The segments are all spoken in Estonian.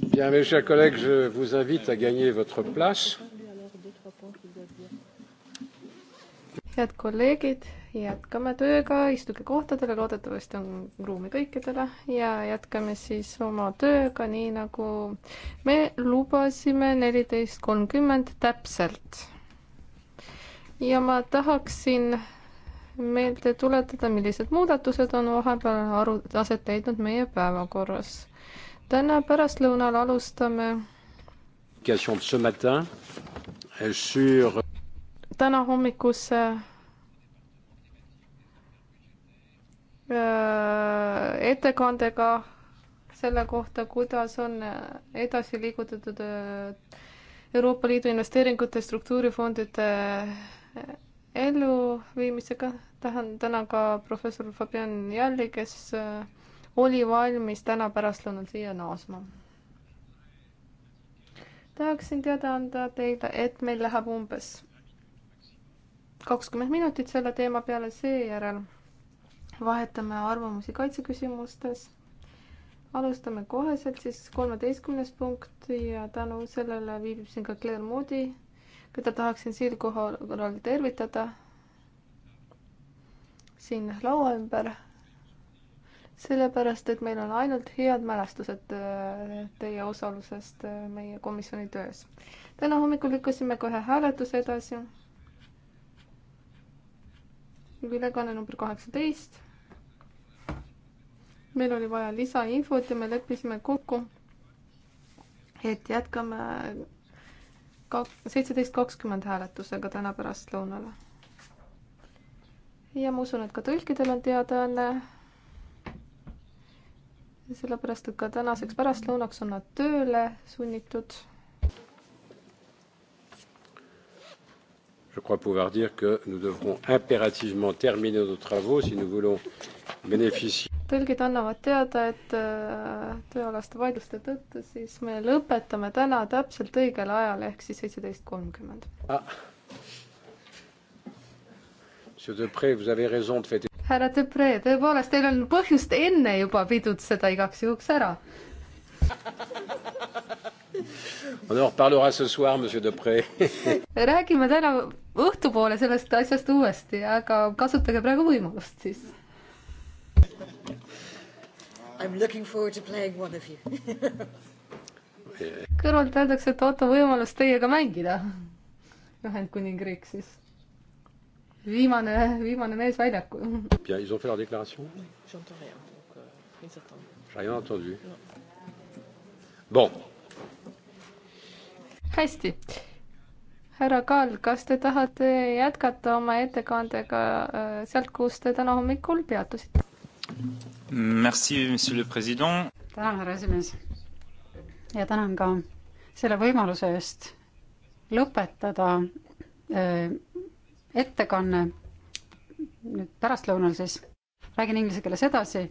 Bien, mes chers collègues, je vous invite à gagner votre place. head kolleegid, jätkame tööga, istuge kohtadele, loodetavasti on ruumi kõikidele ja jätkame siis oma tööga, nii nagu me lubasime neliteist kolmkümmend täpselt. ja ma tahaksin meelde tuletada, millised muudatused on vahepeal aru, aset leidnud meie päevakorras täna pärastlõunal alustame täna hommikusse äh, ettekandega selle kohta, kuidas on edasi liigutatud äh, Euroopa Liidu investeeringute struktuurifondide äh, elluviimisega. tahan täna ka professor Fabian Jalli, kes oli valmis täna pärastlõunal siia naasma. tahaksin teada anda teile, et meil läheb umbes kakskümmend minutit selle teema peale, seejärel vahetame arvamusi kaitseküsimustes. alustame koheselt siis kolmeteistkümnes punkt ja tänu sellele viibib siin ka Claire Moody, keda tahaksin siinkohal tervitada siin laua ümber sellepärast, et meil on ainult head mälestused äh, teie osalusest äh, meie komisjoni töös. täna hommikul lükkasime ka ühe hääletuse edasi. ülekanne number kaheksateist. meil oli vaja lisainfot ja me leppisime kokku, et jätkame seitseteist kakskümmend hääletusega täna pärastlõunale. ja ma usun, et ka tõlkidel on teadaanne sellepärast et ka tänaseks pärastlõunaks on nad tööle sunnitud. Je crois pouvoir dire que nous devrons impérativement terminer nos travaux si nous voulons bénéficier. tõlgid annavad teada, et äh, tööalaste vaidluste tõttu siis me lõpetame täna täpselt õigel ajal ehk siis seitseteist kolmkümmend. Monsieur ah. Depré, vous avez raison de fêter härra Depree, tõepoolest, teil on põhjust enne juba pidutseda igaks juhuks ära. On en reparlera ce soir, monsieur Depree. räägime täna õhtupoole sellest asjast uuesti, aga kasutage praegu võimalust siis. I am looking forward to playing one of you kõrvalt öeldakse, et ootan võimalust teiega mängida. Ühendkuningriik siis viimane, viimane mees väljakul. ja ils ont fait leur déclaration? J'entends rien, donc euh, ils attendent. J'ai rien entendu no.. Bon. hästi. härra Kaal, kas te tahate jätkata oma ettekandega äh, sealt, kus te täna hommikul peatusite? Merci, monsieur le president. tänan, härra esimees. ja tänan ka selle võimaluse eest lõpetada öö, äh, ettekanne nüüd pärastlõunal siis, räägin inglise keeles edasi.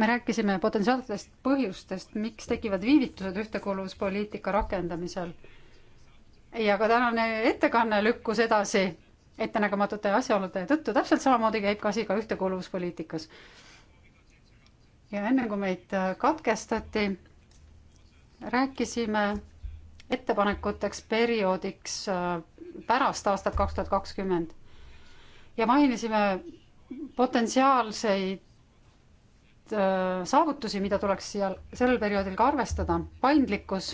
me rääkisime potentsiaalsetest põhjustest, miks tekivad viivitused ühtekuuluvuspoliitika rakendamisel. ja ka tänane ettekanne lükkus edasi ettenägematute asjaolude tõttu, täpselt samamoodi käib ka asi ka ühtekuuluvuspoliitikas. ja enne kui meid katkestati, rääkisime ettepanekuteks perioodiks äh, pärast aastat kaks tuhat kakskümmend. ja mainisime potentsiaalseid äh, saavutusi, mida tuleks seal sellel perioodil ka arvestada, paindlikkus,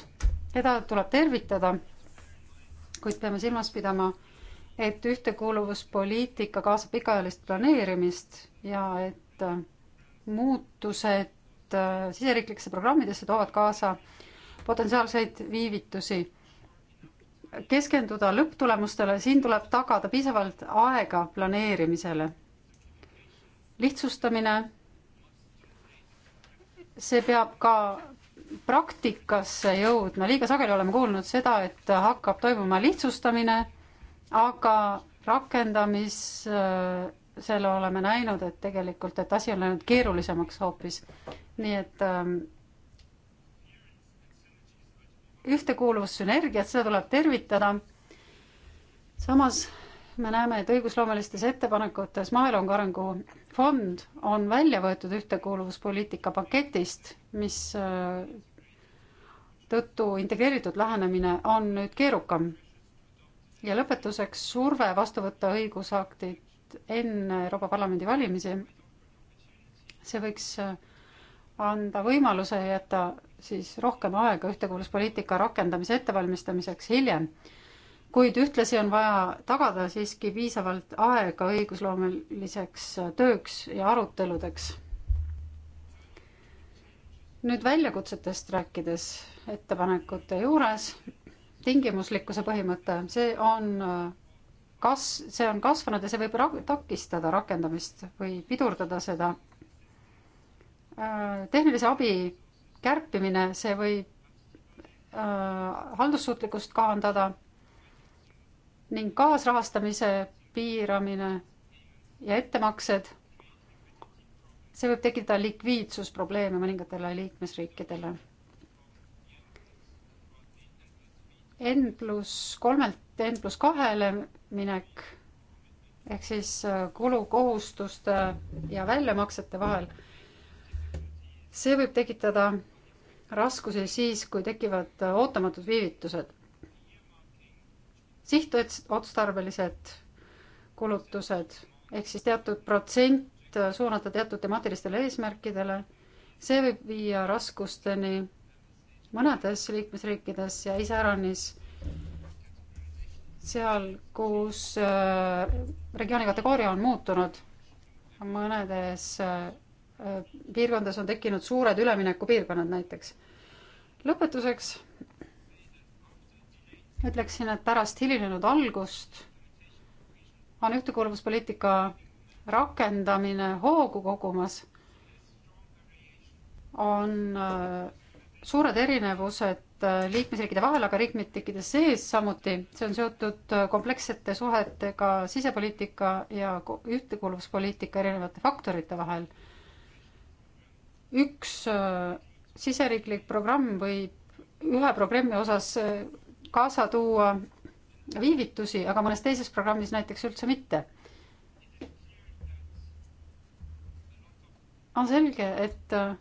seda tuleb tervitada, kuid peame silmas pidama, et ühtekuuluvuspoliitika kaasab pikaajalist planeerimist ja et äh, muutused siseriiklikesse programmidesse toovad kaasa äh, potentsiaalseid viivitusi. keskenduda lõpptulemustele, siin tuleb tagada piisavalt aega planeerimisele. lihtsustamine, see peab ka praktikasse jõudma, liiga sageli oleme kuulnud seda, et hakkab toimuma lihtsustamine, aga rakendamisele oleme näinud, et tegelikult, et asi on läinud keerulisemaks hoopis. nii et ähm, ühtekuuluvussünergiat, seda tuleb tervitada. samas me näeme, et õigusloomelistes ettepanekutes Maaelu Arengufond on välja võetud ühtekuuluvuspoliitika paketist, mis äh, tõttu integreeritud lähenemine on nüüd keerukam. ja lõpetuseks surve vastu võtta õigusaktid enne Euroopa Parlamendi valimisi. see võiks äh, anda võimaluse jätta siis rohkem aega ühtekuuluvuspoliitika rakendamise ettevalmistamiseks hiljem. kuid ühtlasi on vaja tagada siiski piisavalt aega õigusloomeliseks tööks ja aruteludeks. nüüd väljakutsetest rääkides ettepanekute juures, tingimuslikkuse põhimõte, see on kas, see on kasvanud ja see võib ra takistada rakendamist või pidurdada seda. tehnilise abi kärpimine, see võib äh, haldussuutlikkust kahandada ning kaasrahastamise piiramine ja ettemaksed, see võib tekitada likviidsusprobleeme mõningatele liikmesriikidele. N pluss kolmelt N pluss kahele minek ehk siis äh, kulukohustuste ja väljamaksete vahel see võib tekitada raskusi siis, kui tekivad ootamatud viivitused. sihtotstarbelised kulutused ehk siis teatud protsent suunata teatud temaatilistele eesmärkidele, see võib viia raskusteni mõnedes liikmesriikides ja iseäranis seal, kus äh, regiooni kategooria on muutunud mõnedes äh, piirkondades on tekkinud suured üleminekupiirkonnad näiteks. lõpetuseks ütleksin, et pärast hilinenud algust on ühtekuuluvuspoliitika rakendamine hoogu kogumas, on äh, suured erinevused äh, liikmesriikide vahel, aga liikmesriikide sees samuti, see on seotud äh, komplekssete suhetega sisepoliitika ja ühtekuuluvuspoliitika erinevate faktorite vahel üks äh, siseriiklik programm võib ühe programmi osas äh, kaasa tuua viivitusi, aga mõnes teises programmis näiteks üldse mitte. on selge, et, äh,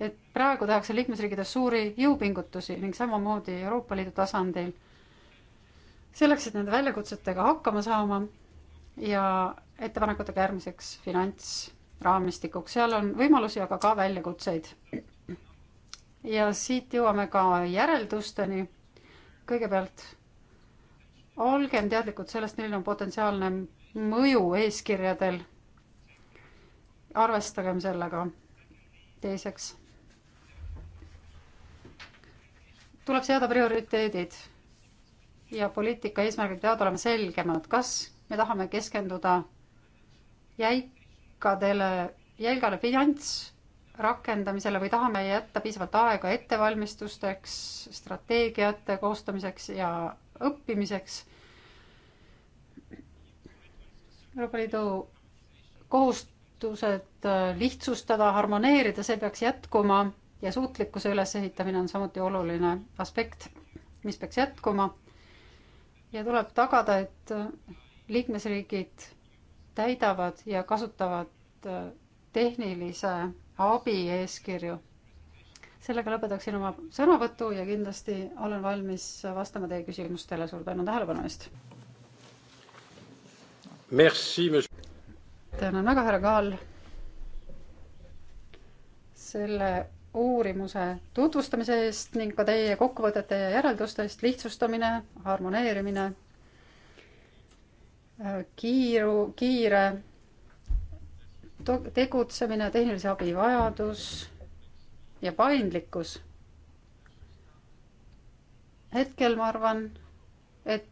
et praegu tehakse liikmesriikides suuri jõupingutusi ning samamoodi Euroopa Liidu tasandil selleks, et nende väljakutsetega hakkama saama ja ettepanekutega järgmiseks finants raamistikuks, seal on võimalusi, aga ka väljakutseid. ja siit jõuame ka järeldusteni. kõigepealt olgem teadlikud sellest, milline on potentsiaalne mõju eeskirjadel. arvestagem sellega. teiseks tuleb seada prioriteedid ja poliitika eesmärgid peavad olema selgemad, kas me tahame keskenduda jäik-, jänkadele, jälgale finantsrakendamisele või tahame jätta piisavalt aega ettevalmistusteks, strateegiate koostamiseks ja õppimiseks. Euroopa Liidu kohustused äh, lihtsustada, harmoneerida, see peaks jätkuma ja suutlikkuse ülesehitamine on samuti oluline aspekt, mis peaks jätkuma. ja tuleb tagada, et äh, liikmesriigid täidavad ja kasutavad äh, tehnilise abi eeskirju. sellega lõpetaksin oma sõnavõtu ja kindlasti olen valmis vastama teie küsimustele. suur tänu tähelepanu eest. tänan väga, härra Kaal, selle uurimuse tutvustamise eest ning ka teie kokkuvõtete ja järeldustest lihtsustamine, harmoneerimine kiiru, kiire tegutsemine, tehnilise abi vajadus ja paindlikkus. hetkel ma arvan, et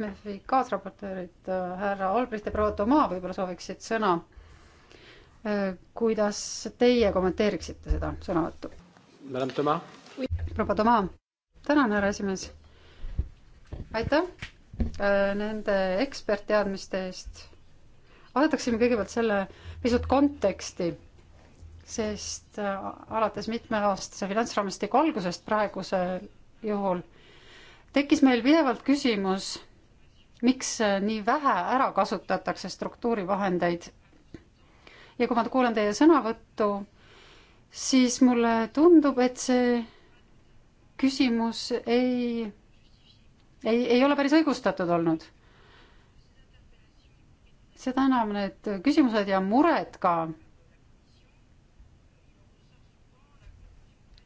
MFi kaasraportöörid äh, härra Albrecht ja proua Toma võib-olla sooviksid sõna. Äh, kuidas teie kommenteeriksite seda sõnavõttu? proua Toma, tänan, härra esimees. aitäh Äh, nende ekspertteadmiste eest. vaadataksime kõigepealt selle pisut konteksti, sest äh, alates mitmeaastase finantsraamistiku algusest praegusel juhul tekkis meil pidevalt küsimus, miks äh, nii vähe ära kasutatakse struktuurivahendeid. ja kui ma kuulan teie sõnavõttu, siis mulle tundub, et see küsimus ei ei, ei ole päris õigustatud olnud. seda enam need küsimused ja mured ka.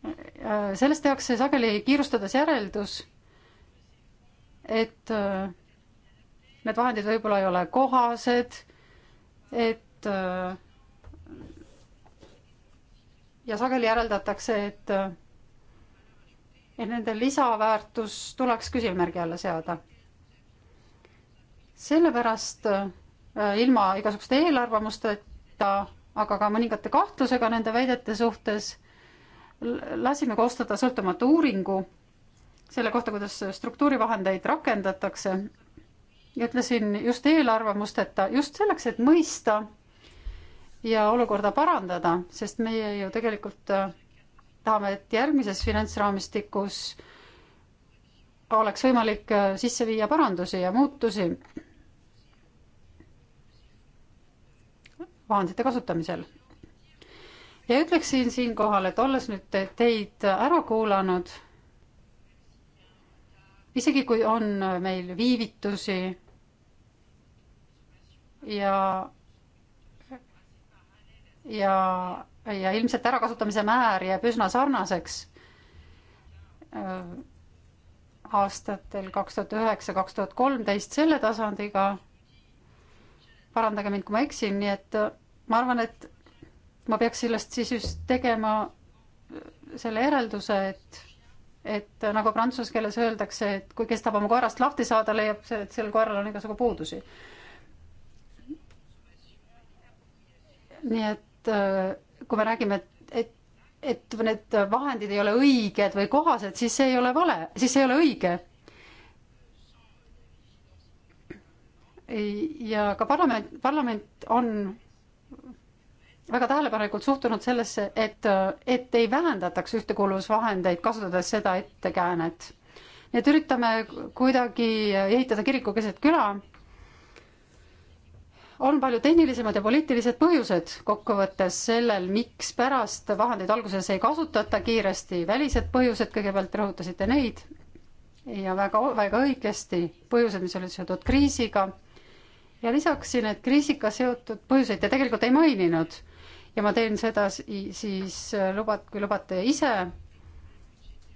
Äh, sellest tehakse sageli kiirustades järeldus, et äh, need vahendid võib-olla ei ole kohased, et äh, ja sageli järeldatakse, et et nende lisaväärtus tuleks küsimärgi alla seada. sellepärast äh, ilma igasuguste eelarvamusteta, aga ka mõningate kahtlusega nende väidete suhtes lasime koostada sõltumatu uuringu selle kohta, kuidas struktuurivahendeid rakendatakse. ja ütlesin just eelarvamusteta, just selleks, et mõista ja olukorda parandada, sest meie ju tegelikult äh, tahame, et järgmises finantsraamistikus oleks võimalik äh, sisse viia parandusi ja muutusi vahendite kasutamisel. ja ütleksin siinkohal, et olles nüüd teid ära kuulanud, isegi kui on meil viivitusi ja ja, ja ilmselt ärakasutamise määr jääb üsna sarnaseks äh, aastatel kaks tuhat üheksa, kaks tuhat kolmteist selle tasandiga. parandage mind, kui ma eksin, nii et äh, ma arvan, et ma peaks sellest siis just tegema äh, selle järelduse, et, et nagu prantsuse keeles öeldakse, et kui kes tahab oma koerast lahti saada, leiab see, et sellel koeral on igasugu puudusi. nii et et äh, kui me räägime, et, et, et need vahendid ei ole õiged või kohased, siis see ei ole vale, siis see ei ole õige. ja ka parlament, parlament on väga tähelepanelikult suhtunud sellesse, et, et ei vähendataks ühtekuuluvusvahendeid, kasutades seda ettekäänet. nii et üritame kuidagi ehitada kiriku keset küla on palju tehnilisemad ja poliitilised põhjused kokkuvõttes sellel, miks pärast vahendeid alguses ei kasutata kiiresti, välised põhjused, kõigepealt rõhutasite neid ja väga, väga õigesti põhjused, mis olid seotud kriisiga. ja lisaksin, et kriisiga seotud põhjuseid te tegelikult ei maininud ja ma teen seda siis, siis lubad, kui lubate ise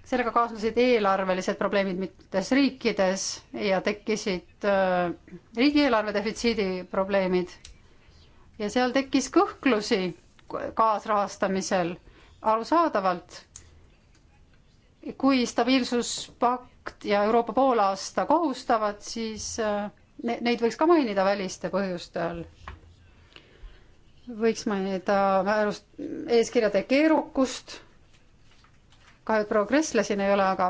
sellega kaasnesid eelarvelised probleemid mitmetes riikides ja tekkisid äh, riigieelarve defitsiidi probleemid. ja seal tekkis kõhklusi kaasrahastamisel arusaadavalt, kui stabiilsuspakt ja Euroopa poolaasta kohustavad, siis äh, neid võiks ka mainida väliste põhjuste all. võiks mainida määrust, eeskirjade keerukust kahju, et proua Kressle siin ei ole, aga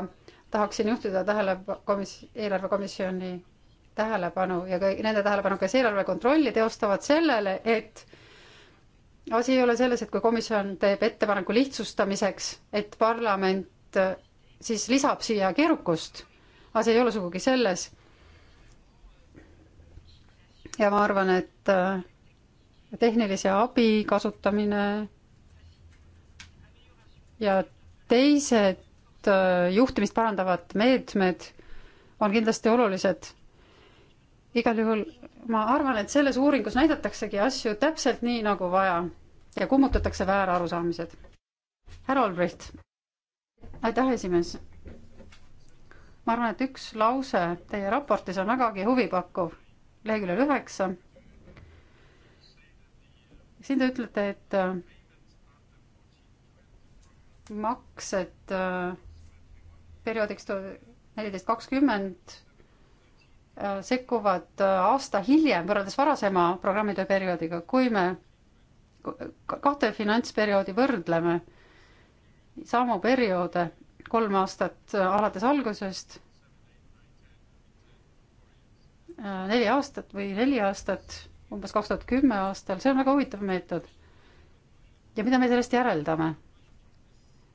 tahaksin juhtida tähele komis-, eelarvekomisjoni tähelepanu ja kõik nende tähelepanu, kes eelarve kontrolli teostavad sellele, et asi ei ole selles, et kui komisjon teeb ettepaneku lihtsustamiseks, et parlament äh, siis lisab siia keerukust, asi ei ole sugugi selles. ja ma arvan, et äh, tehnilise abi kasutamine ja teised äh, juhtimist parandavad meetmed on kindlasti olulised. igal juhul ma arvan, et selles uuringus näidataksegi asju täpselt nii, nagu vaja ja kummutatakse väärarusaamised. härra Olbricht. aitäh, esimees. ma arvan, et üks lause teie raportis on vägagi huvipakkuv, leheküljel üheksa. siin te ütlete, et äh, maksed äh, perioodiks neliteist kakskümmend äh, sekkuvad äh, aasta hiljem võrreldes varasema programmitöö perioodiga, kui me kahte finantsperioodi võrdleme, samu perioode, kolm aastat alates algusest, neli aastat või neli aastat, umbes kaks tuhat kümme aastal, see on väga huvitav meetod. ja mida me sellest järeldame?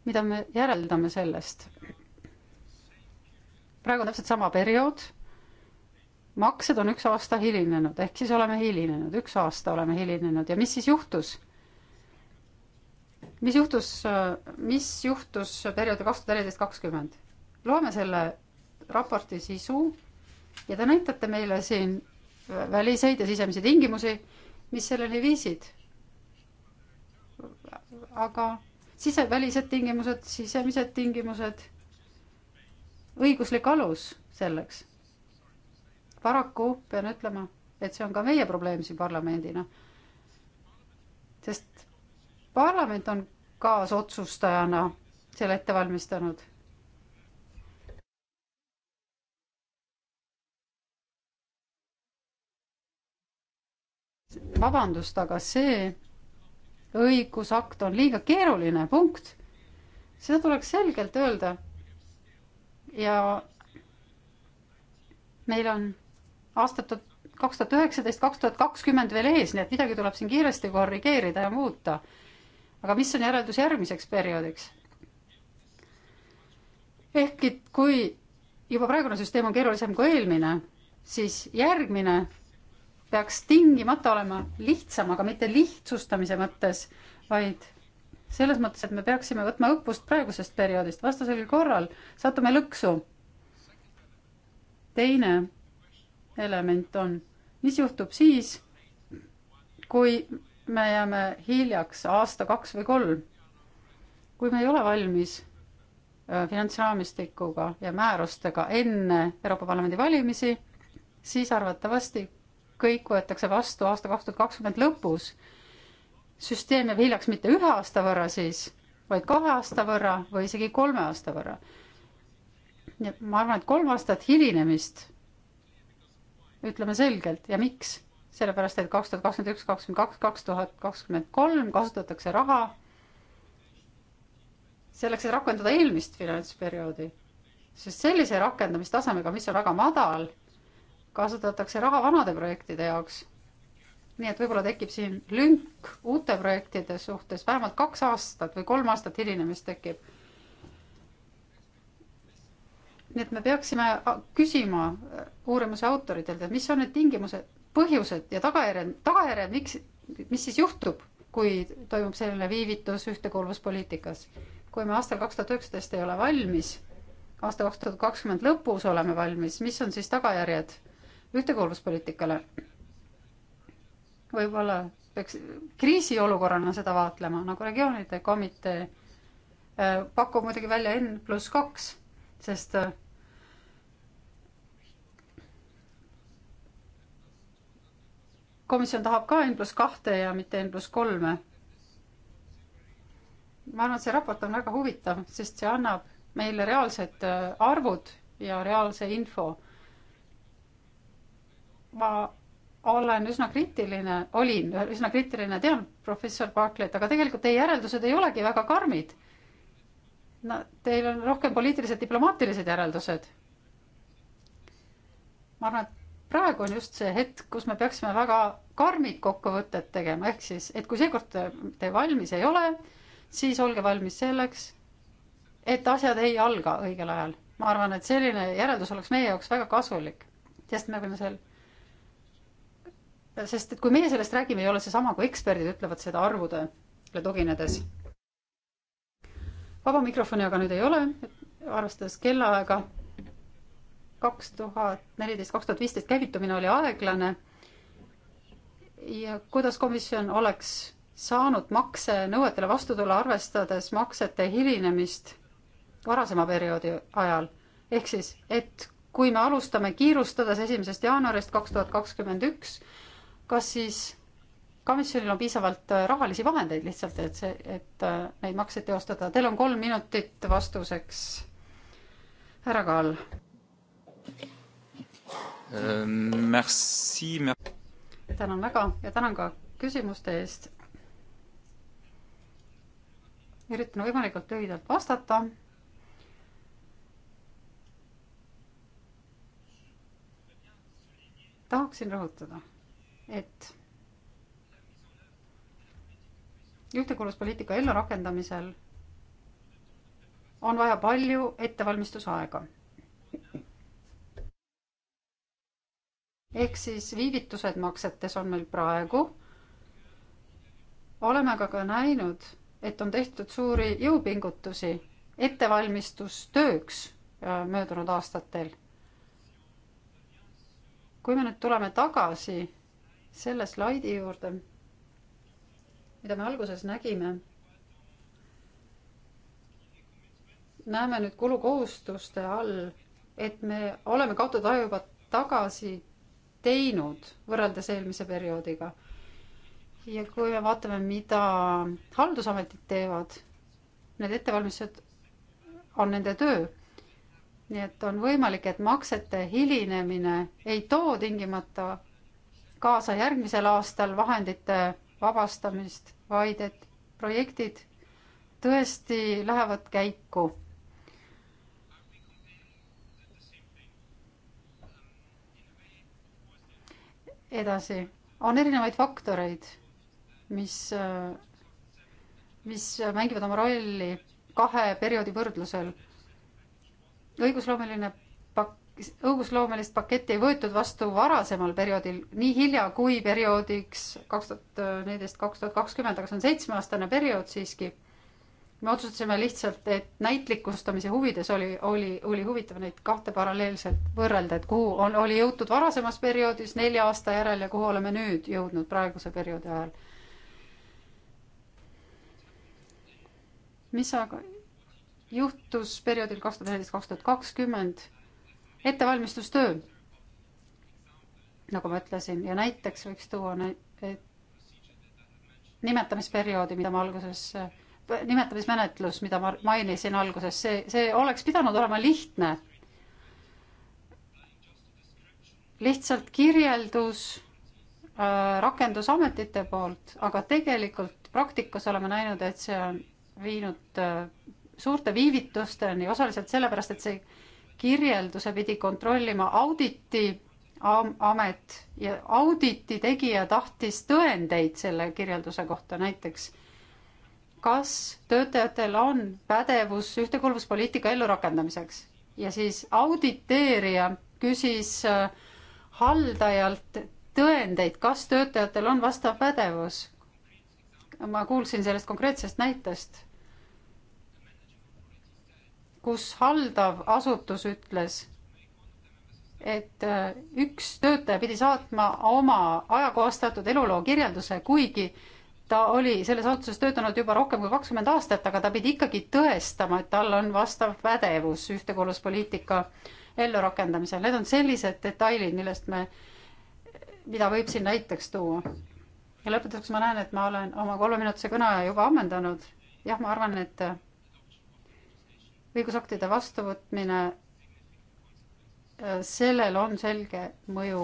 mida me järeldame sellest? praegu on täpselt sama periood, maksed on üks aasta hilinenud, ehk siis oleme hilinenud, üks aasta oleme hilinenud ja mis siis juhtus? mis juhtus, mis juhtus perioodil kaks tuhat neliteist, kakskümmend? loeme selle raporti sisu ja te näitate meile siin väliseid ja sisemisi tingimusi, mis selleni viisid. aga sise, välised tingimused, sisemised tingimused, õiguslik alus selleks. paraku pean ütlema, et see on ka meie probleem siin parlamendina. sest parlament on kaasotsustajana selle ette valmistanud vabandust, aga see õigusakt on liiga keeruline, punkt. seda tuleks selgelt öelda. ja meil on aastat kaks tuhat üheksateist, kaks tuhat kakskümmend veel ees, nii et midagi tuleb siin kiiresti korrigeerida ja muuta. aga mis on järeldus järgmiseks perioodiks? ehkki kui juba praegune süsteem on keerulisem kui eelmine, siis järgmine peaks tingimata olema lihtsam, aga mitte lihtsustamise mõttes, vaid selles mõttes, et me peaksime võtma õppust praegusest perioodist, vastasel korral satume lõksu. teine element on, mis juhtub siis, kui me jääme hiljaks aasta, kaks või kolm, kui me ei ole valmis äh, finantsraamistikuga ja määrustega enne Euroopa Parlamendi valimisi, siis arvatavasti kõik võetakse vastu aasta kaks tuhat kakskümmend lõpus. süsteem jääb hiljaks mitte ühe aasta võrra siis, vaid kahe aasta võrra või isegi kolme aasta võrra. nii et ma arvan, et kolm aastat hilinemist ütleme selgelt ja miks, sellepärast et kaks tuhat kakskümmend üks, kakskümmend kaks, kaks tuhat kakskümmend kolm kasutatakse raha selleks, et rakendada eelmist finantsperioodi, sest sellise rakendamistasemega, mis on väga madal kasutatakse raha vanade projektide jaoks. nii et võib-olla tekib siin lünk uute projektide suhtes, vähemalt kaks aastat või kolm aastat hilinemist tekib. nii et me peaksime küsima uurimuse autoritelt, et mis on need tingimused, põhjused ja tagajärjed, tagajärjed, miks, mis siis juhtub, kui toimub selline viivitus ühtekuuluvuspoliitikas. kui me aastal kaks tuhat üheksateist ei ole valmis, aasta kaks tuhat kakskümmend lõpus oleme valmis, mis on siis tagajärjed ühtekuuluvuspoliitikale. võib-olla peaks kriisiolukorrana seda vaatlema, nagu regioonide komitee äh, pakub muidugi välja N pluss kaks, sest äh, komisjon tahab ka N pluss kahte ja mitte N pluss kolme. ma arvan, et see raport on väga huvitav, sest see annab meile reaalsed äh, arvud ja reaalse info ma olen üsna kriitiline, olin üsna kriitiline, tean professor Barclay't, aga tegelikult teie järeldused ei olegi väga karmid. no teil on rohkem poliitilised, diplomaatilised järeldused. ma arvan, et praegu on just see hetk, kus me peaksime väga karmid kokkuvõtted tegema, ehk siis, et kui seekord te valmis ei ole, siis olge valmis selleks, et asjad ei alga õigel ajal. ma arvan, et selline järeldus oleks meie jaoks väga kasulik, sest me võime seal sest et kui meie sellest räägime, ei ole seesama, kui eksperdid ütlevad seda arvudele tuginedes. vaba mikrofoni aga nüüd ei ole, arvestades kellaaega. kaks tuhat neliteist, kaks tuhat viisteist käivitumine oli aeglane. ja kuidas komisjon oleks saanud maksenõuetele vastu tulla, arvestades maksete hilinemist varasema perioodi ajal, ehk siis, et kui me alustame kiirustades esimesest jaanuarist kaks tuhat kakskümmend üks, kas siis komisjonil on piisavalt äh, rahalisi vahendeid lihtsalt, et see, et äh, neid makseid teostada. Teil on kolm minutit vastuseks. härra Kaal. Ähm, merci, merci.. tänan väga ja tänan ka küsimuste eest. üritan võimalikult lühidalt vastata. tahaksin rõhutada et ühtekuuluvuspoliitika ellurakendamisel on vaja palju ettevalmistusaega. ehk siis viivitused maksetes on meil praegu. oleme aga ka näinud, et on tehtud suuri jõupingutusi ettevalmistustööks äh, möödunud aastatel. kui me nüüd tuleme tagasi selle slaidi juurde, mida me alguses nägime, näeme nüüd kulukohustuste all, et me oleme kaotajad juba tagasi teinud võrreldes eelmise perioodiga. ja kui me vaatame, mida haldusametid teevad, need ettevalmistused on nende töö. nii et on võimalik, et maksete hilinemine ei too tingimata kaasa järgmisel aastal vahendite vabastamist, vaid et projektid tõesti lähevad käiku. edasi, on erinevaid faktoreid, mis, mis mängivad oma rolli kahe perioodi võrdlusel. õigusloomeline õigusloomelist paketti ei võetud vastu varasemal perioodil, nii hilja kui perioodiks kaks tuhat neliteist, kaks tuhat kakskümmend, aga see on seitsmeaastane periood siiski. me otsustasime lihtsalt, et näitlikustamise huvides oli, oli, oli huvitav neid kahte paralleelselt võrrelda, et kuhu on, oli jõutud varasemas perioodis nelja aasta järel ja kuhu oleme nüüd jõudnud praeguse perioodi ajal. mis aga juhtus perioodil kaks tuhat neliteist, kaks tuhat kakskümmend ettevalmistustöö, nagu ma ütlesin, ja näiteks võiks tuua nimetamisperioodi, mida ma alguses, nimetamismenetlus, mida ma mainisin alguses, see, see oleks pidanud olema lihtne. lihtsalt kirjeldus äh, rakendusametite poolt, aga tegelikult praktikas oleme näinud, et see on viinud äh, suurte viivitusteni, osaliselt sellepärast, et see kirjelduse pidi kontrollima auditi amet ja auditi tegija tahtis tõendeid selle kirjelduse kohta, näiteks kas töötajatel on pädevus ühtekuuluvuspoliitika ellurakendamiseks ja siis auditeerija küsis äh, haldajalt tõendeid, kas töötajatel on vastav pädevus. ma kuulsin sellest konkreetsest näitest kus haldav asutus ütles, et äh, üks töötaja pidi saatma oma ajakohastatud eluloo kirjelduse, kuigi ta oli selles asutuses töötanud juba rohkem kui kakskümmend aastat, aga ta pidi ikkagi tõestama, et tal on vastav pädevus ühtekuuluvuspoliitika ellurakendamisel. Need on sellised detailid, millest me, mida võib siin näiteks tuua. ja lõpetuseks ma näen, et ma olen oma kolmeminutise kõne juba ammendanud. jah, ma arvan, et õigusaktide vastuvõtmine, äh, sellel on selge mõju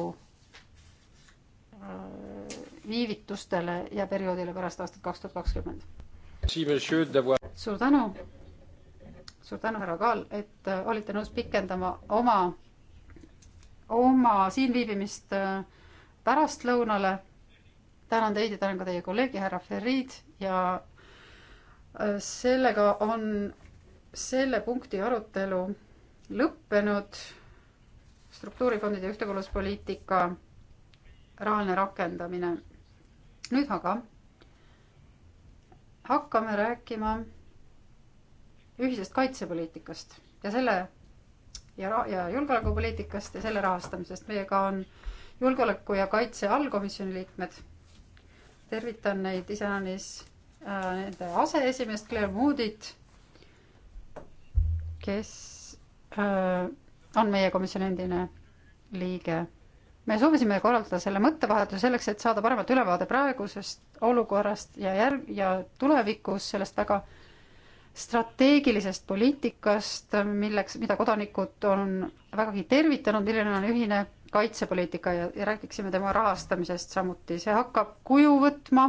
äh, viivitustele ja perioodile pärast aastat kaks tuhat kakskümmend. suur tänu, suur tänu, härra Kaal, et äh, olite nõus pikendama oma, oma siinviibimist pärastlõunale. tänan teid ja tänan ka teie kolleegi härra Ferrid ja sellega on selle punkti arutelu lõppenud. struktuurifondide ühtekuuluvuspoliitika rahaline rakendamine. nüüd aga hakkame rääkima ühisest kaitsepoliitikast ja selle ja, ja julgeolekupoliitikast ja selle rahastamisest. meiega on julgeoleku ja kaitse allkomisjoni liikmed. tervitan neid iseäranis äh, nende aseesimeest Claire Moodit kes öö, äh, on meie komisjoni endine liige. me soovisime korraldada selle mõttevahetuse selleks, et saada paremat ülevaade praegusest olukorrast ja järg- ja tulevikus sellest väga strateegilisest poliitikast, milleks, mida kodanikud on vägagi tervitanud, milline on ühine kaitsepoliitika ja, ja räägiksime tema rahastamisest samuti, see hakkab kuju võtma.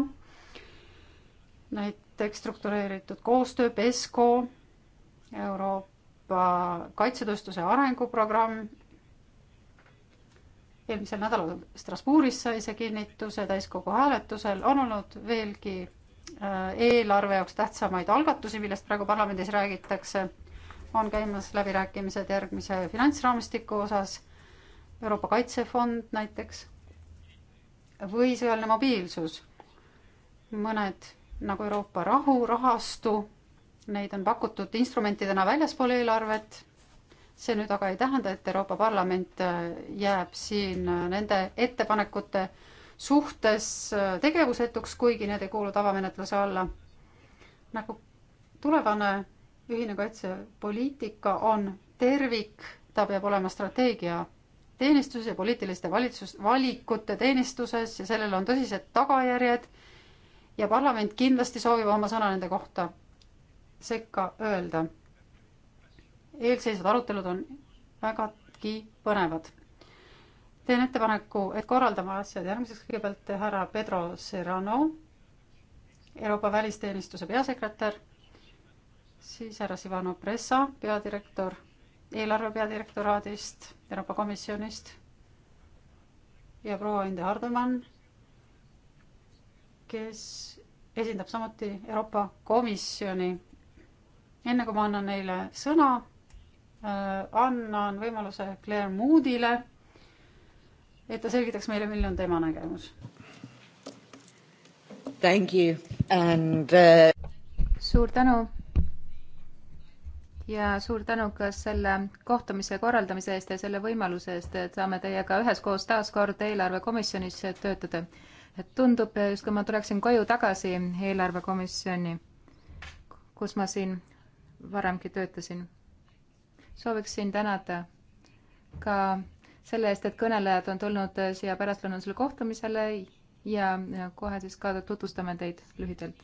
näiteks struktureeritud koostöö, PESCO, Euroopa Euroopa kaitsetööstuse arenguprogramm. eelmisel nädalal Strasbourgis sai see kinnituse täiskogu hääletusel, on olnud veelgi äh, eelarve jaoks tähtsamaid algatusi, millest praegu parlamendis räägitakse, on käimas läbirääkimised järgmise finantsraamistiku osas, Euroopa Kaitsefond näiteks või sõjaline mobiilsus, mõned nagu Euroopa rahurahastu neid on pakutud instrumentidena väljaspool eelarvet. see nüüd aga ei tähenda, et Euroopa Parlament äh, jääb siin äh, nende ettepanekute suhtes äh, tegevusetuks, kuigi need ei kuulu tavamenetluse alla. nagu tulevane ühine kaitsepoliitika on tervik, ta peab olema strateegia teenistus ja poliitiliste valitsus, valikute teenistuses ja sellel on tõsised tagajärjed. ja parlament kindlasti soovib oma sõna nende kohta sekka öelda. eelseisvad arutelud on vägagi põnevad. teen ettepaneku, et korraldame asjad järgmiseks kõigepealt härra Pedro Serrano, Euroopa Välisteenistuse peasekretär, siis härra Sivano Pressa, peadirektor eelarve peadirektoraadist, Euroopa Komisjonist ja proua Inde Hardemann, kes esindab samuti Euroopa Komisjoni enne kui ma annan neile sõna, äh, annan võimaluse Claire Moodile, et ta selgitaks meile, milline on tema nägemus. Thank you and uh... suur tänu ja suur tänu ka selle kohtumise korraldamise eest ja selle võimaluse eest, et saame teiega üheskoos taas kord eelarvekomisjonis töötada. et tundub, justkui ma tuleksin koju tagasi eelarvekomisjoni, kus ma siin varemgi töötasin. sooviksin tänada ka selle eest, et kõnelejad on tulnud äh, siia pärastlõunasele kohtumisele ja kohe siis ka tutvustame teid lühidalt.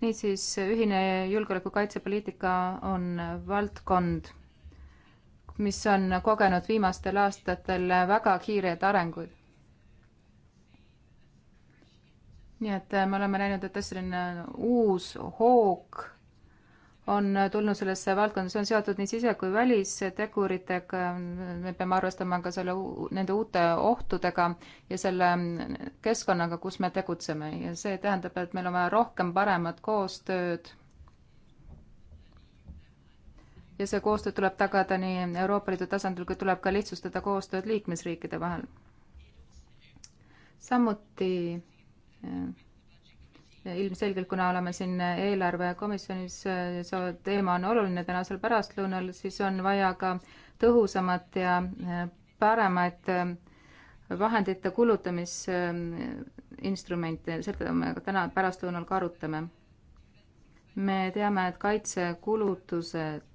niisiis, ühine julgeoleku kaitsepoliitika on valdkond, mis on kogenud viimastel aastatel väga kiireid arenguid nii et äh, me oleme näinud, et selline äh, uus hoog on äh, tulnud sellesse valdkonda, see on seotud nii sise- kui välisteguritega, me peame arvestama ka selle, nende uute ohtudega ja selle mm, keskkonnaga, kus me tegutseme ja see tähendab, et meil on vaja rohkem paremat koostööd. ja see koostöö tuleb tagada nii Euroopa Liidu tasandil, kui tuleb ka lihtsustada koostööd liikmesriikide vahel. samuti Äh, ilmselgelt, kuna oleme siin eelarvekomisjonis, äh, see teema on oluline tänasel pärastlõunal, siis on vaja ka tõhusamat ja äh, paremat vahendite kulutamisinstrumente, seda me täna pärastlõunal ka arutame. me teame, et kaitsekulutused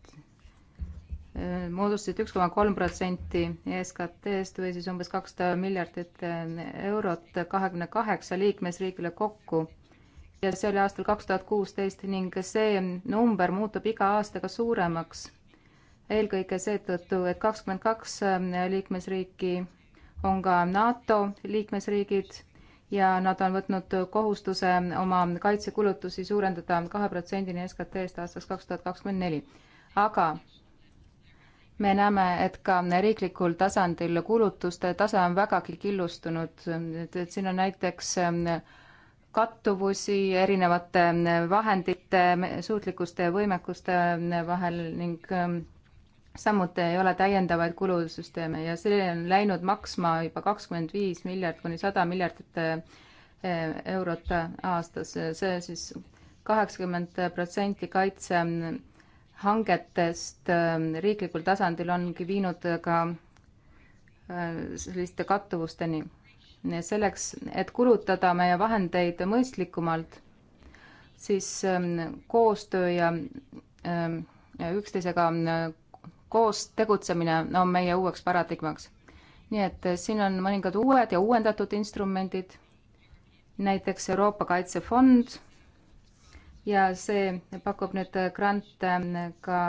moodustasid üks koma kolm protsenti SKT-st või siis umbes kakssada miljardit eh, eurot kahekümne kaheksa liikmesriigile kokku. ja see oli aastal kaks tuhat kuusteist ning see number muutub iga aastaga suuremaks. eelkõige seetõttu, et kakskümmend kaks eh, liikmesriiki on ka NATO liikmesriigid ja nad on võtnud kohustuse oma kaitsekulutusi suurendada kahe protsendini SKT-st aastaks kaks tuhat kakskümmend neli. aga me näeme, et ka riiklikul tasandil kulutuste tase on vägagi killustunud, et, et siin on näiteks ähm, kattuvusi erinevate ähm, vahendite, suutlikkuste ja võimekuste ähm, vahel ning samuti ei ole täiendavaid kulusüsteeme ja see on läinud maksma juba kakskümmend viis miljard kuni sada miljardit äh, eurot aastas, see siis kaheksakümmend protsenti kaitse hangetest ähm, riiklikul tasandil ongi viinud ka äh, selliste kattuvusteni. selleks, et kulutada meie vahendeid mõistlikumalt, siis ähm, koostöö ja, ähm, ja üksteisega äh, koos tegutsemine on meie uueks paradigmaks. nii et äh, siin on mõningad uued ja uuendatud instrumendid, näiteks Euroopa Kaitsefond ja see pakub nüüd grante äh, ka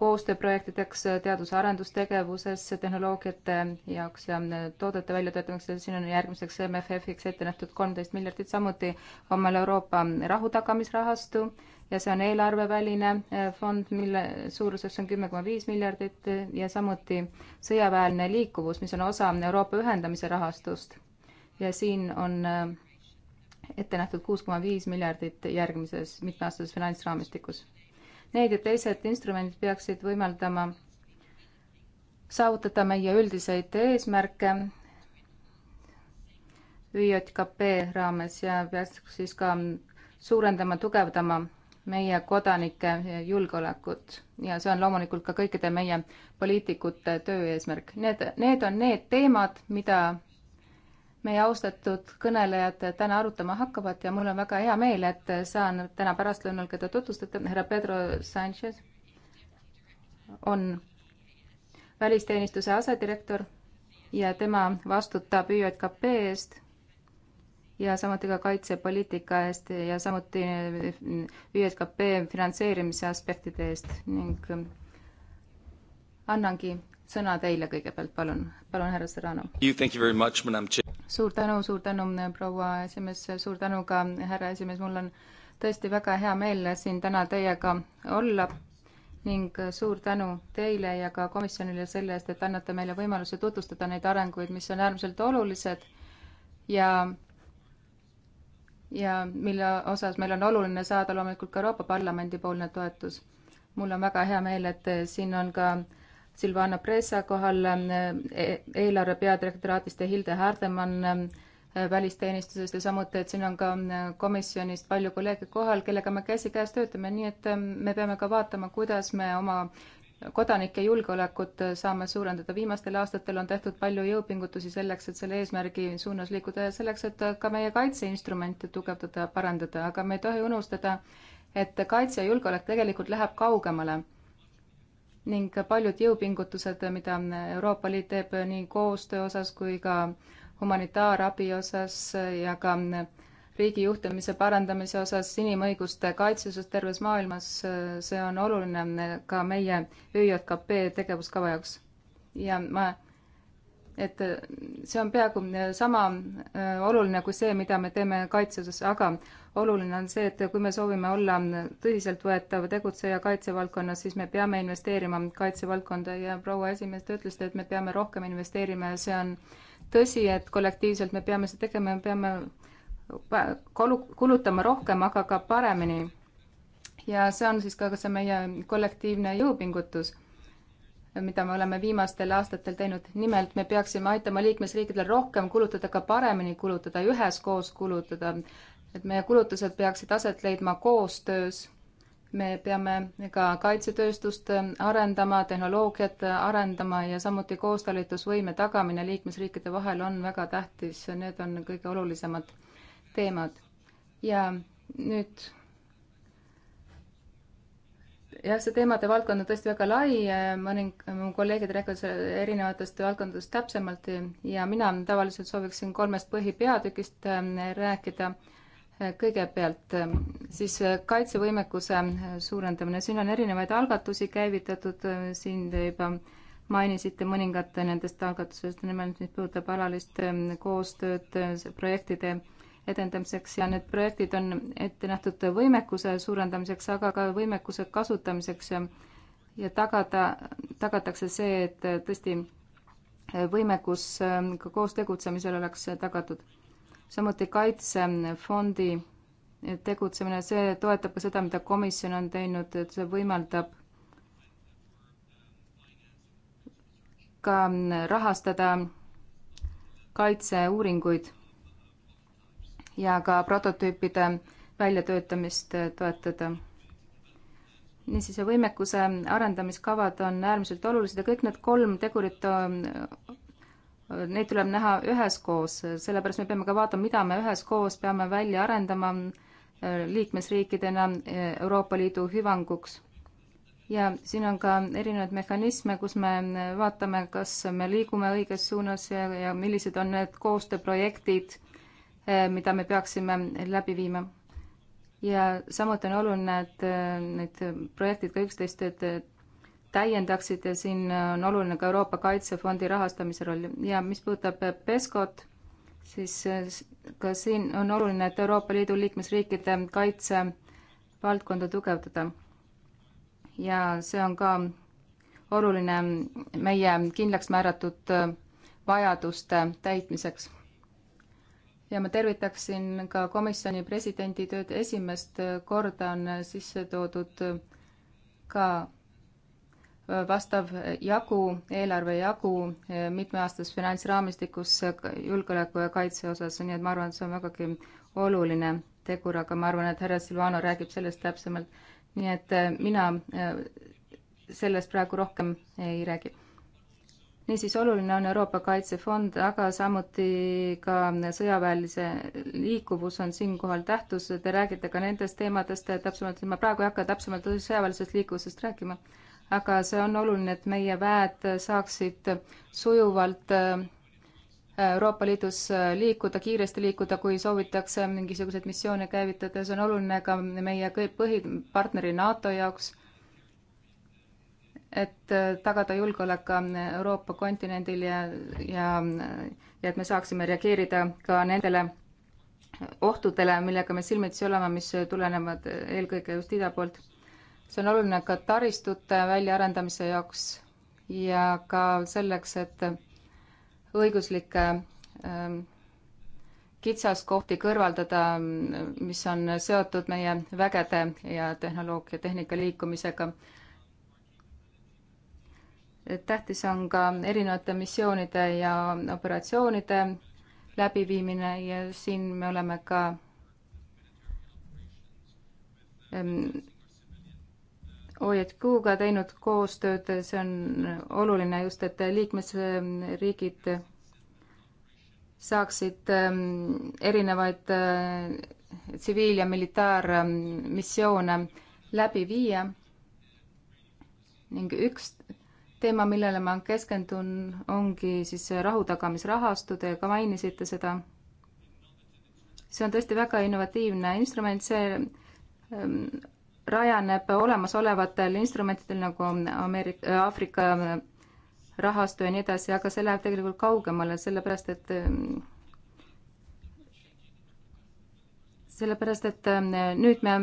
koostööprojektideks äh, teadus- ja arendustegevuses, tehnoloogiate jaoks ja äh, toodete väljatöötamiseks, siin on järgmiseks MFF-iks ette nähtud kolmteist miljardit, samuti on meil Euroopa rahutagamisrahastu ja see on eelarveväline fond, mille suuruseks on kümme koma viis miljardit ja samuti sõjaväeline liikuvus, mis on osa Euroopa ühendamise rahastust. ja siin on ette nähtud kuus koma viis miljardit järgmises mitmeaastases finantsraamistikus. Need ja teised instrumendid peaksid võimaldama saavutada meie üldiseid eesmärke ÜJKP raames ja peaks siis ka suurendama, tugevdama meie kodanike julgeolekut ja see on loomulikult ka kõikide meie poliitikute töö eesmärk. Need, need on need teemad, mida meie austatud kõnelejad täna arutama hakkavad ja mul on väga hea meel, et saan täna pärastlõunal keda tutvustada, härra Pedro Sanchez on välisteenistuse asedirektor ja tema vastutab ÜJKP eest ja samuti ka kaitsepoliitika eest ja samuti ÜJKP finantseerimise aspektide eest ning annangi sõna teile kõigepealt, palun, palun, härra Serrano. suur tänu, suur tänu, proua esimees, suur tänu ka, härra esimees, mul on tõesti väga hea meel siin täna teiega olla ning suur tänu teile ja ka komisjonile selle eest, et annate meile võimaluse tutvustada neid arenguid, mis on äärmiselt olulised ja ja mille osas meil on oluline saada loomulikult ka Euroopa Parlamendi poolne toetus. mul on väga hea meel, et siin on ka äh, Silvana Presa kohal ähm, e-, eelarve peadirektoraadist ja Hilde Härdemann ähm, äh, välisteenistusest ja samuti, et siin on ka äh, komisjonist palju kolleege kohal, kellega me käsikäes töötame, nii et ähm, me peame ka vaatama, kuidas me oma kodanike julgeolekut äh, saame suurendada. viimastel aastatel on tehtud palju jõupingutusi selleks, et selle eesmärgi suunas liikuda ja selleks, et ka meie kaitseinstrumente tugevdada, parandada, aga me ei tohi unustada, et kaitse ja julgeolek tegelikult läheb kaugemale ning paljud jõupingutused, mida Euroopa Liit teeb nii koostöö osas kui ka humanitaarabi osas ja ka riigi juhtimise parandamise osas, inimõiguste kaitsesus terves maailmas, see on oluline ka meie ÜJKP tegevuskava jaoks. ja ma et äh, see on peaaegu äh, sama äh, oluline kui see, mida me teeme kaitseosas, aga oluline on see, et kui me soovime olla tõsiseltvõetav tegutseja kaitsevaldkonnas, siis me peame investeerima kaitsevaldkonda ja proua esimees, te ütlesite, et me peame rohkem investeerima ja see on tõsi, et kollektiivselt me peame seda tegema, me peame kolu-, kulutama rohkem, aga ka paremini. ja see on siis ka see meie kollektiivne jõupingutus mida me oleme viimastel aastatel teinud. nimelt me peaksime aitama liikmesriikidel rohkem kulutada, ka paremini kulutada, üheskoos kulutada. et meie kulutused peaksid aset leidma koostöös. me peame ka kaitsetööstust arendama, tehnoloogiat arendama ja samuti koostalitusvõime tagamine liikmesriikide vahel on väga tähtis, need on kõige olulisemad teemad. ja nüüd jah, see teemade valdkond on tõesti väga lai, mõning-, mu kolleegid räägivad erinevatest valdkondadest täpsemalt ja mina tavaliselt sooviksin kolmest põhipeatükist ähm, rääkida. Äh, kõigepealt ähm, siis äh, kaitsevõimekuse äh, suurendamine, siin on erinevaid algatusi käivitatud, siin te juba mainisite mõningate nendest algatusest, nimelt mis puudutab alalist ähm, koostööd, projektide edendamiseks ja need projektid on ette nähtud võimekuse suurendamiseks, aga ka võimekuse kasutamiseks ja tagada, tagatakse see, et tõesti võimekus ähm, ka koos tegutsemisel oleks tagatud. samuti kaitsefondi tegutsemine, see toetab ka seda, mida komisjon on teinud, et see võimaldab ka rahastada kaitseuuringuid ja ka prototüüpide väljatöötamist äh, toetada. niisiis, võimekuse arendamiskavad on äärmiselt olulised ja kõik need kolm tegurit, äh, neid tuleb näha üheskoos, sellepärast me peame ka vaatama, mida me üheskoos peame välja arendama äh, liikmesriikidena Euroopa Liidu hüvanguks ja siin on ka erinevaid mehhanisme, kus me vaatame, kas me liigume õiges suunas ja, ja millised on need koostööprojektid Äh, mida me peaksime läbi viima. ja samuti on oluline, et äh, need projektid ka üksteist äh, täiendaksid ja siin on oluline ka Euroopa Kaitsefondi rahastamise roll ja mis puudutab PESCO-t, siis ka siin on oluline, et Euroopa Liidu liikmesriikide kaitsevaldkonda tugevdada. ja see on ka oluline meie kindlaks määratud vajaduste täitmiseks ja ma tervitaksin ka komisjoni presidendi tööd, esimest korda on sisse toodud ka vastav jagu, eelarve jagu mitmeaastases finantsraamistikus julgeoleku ja kaitse osas, nii et ma arvan, et see on vägagi oluline tegur, aga ma arvan, et härra Silvano räägib sellest täpsemalt. nii et eh, mina eh, sellest praegu rohkem ei räägi niisiis, oluline on Euroopa Kaitsefond, aga samuti ka sõjaväelise liikuvus on siinkohal tähtis, te räägite ka nendest teemadest täpsemalt, ma praegu ei hakka täpsemalt sõjaväelisest liikuvusest rääkima, aga see on oluline, et meie väed saaksid sujuvalt äh, Euroopa Liidus äh, liikuda, kiiresti liikuda, kui soovitakse mingisuguseid missioone käivitada, see on oluline ka meie põhipartneri NATO jaoks et äh, tagada julgeolek ka äh, Euroopa kontinendil ja, ja, ja et me saaksime reageerida ka nendele ohtudele, millega me silmitsi oleme, mis tulenevad äh, eelkõige just ida poolt. see on oluline ka taristute väljaarendamise jaoks ja ka selleks, et õiguslikke ähm, kitsaskohti kõrvaldada, mis on seotud meie vägede ja tehnoloogia, tehnika liikumisega tähtis on ka erinevate missioonide ja operatsioonide läbiviimine ja siin me oleme ka ehm, OJK-ga teinud koostööd, see on oluline just, et liikmesriigid saaksid ehm, erinevaid ehm, tsiviil- ja militaarmissioone läbi viia ning üks teema, millele ma keskendun, ongi siis rahutagamisrahastu, te ka mainisite seda. see on tõesti väga innovatiivne instrument, see ähm, rajaneb olemasolevatel instrumentidel nagu Ameerika, Aafrika ähm, rahastu ja nii edasi, aga see läheb tegelikult kaugemale, sellepärast et ähm, sellepärast, et nüüd me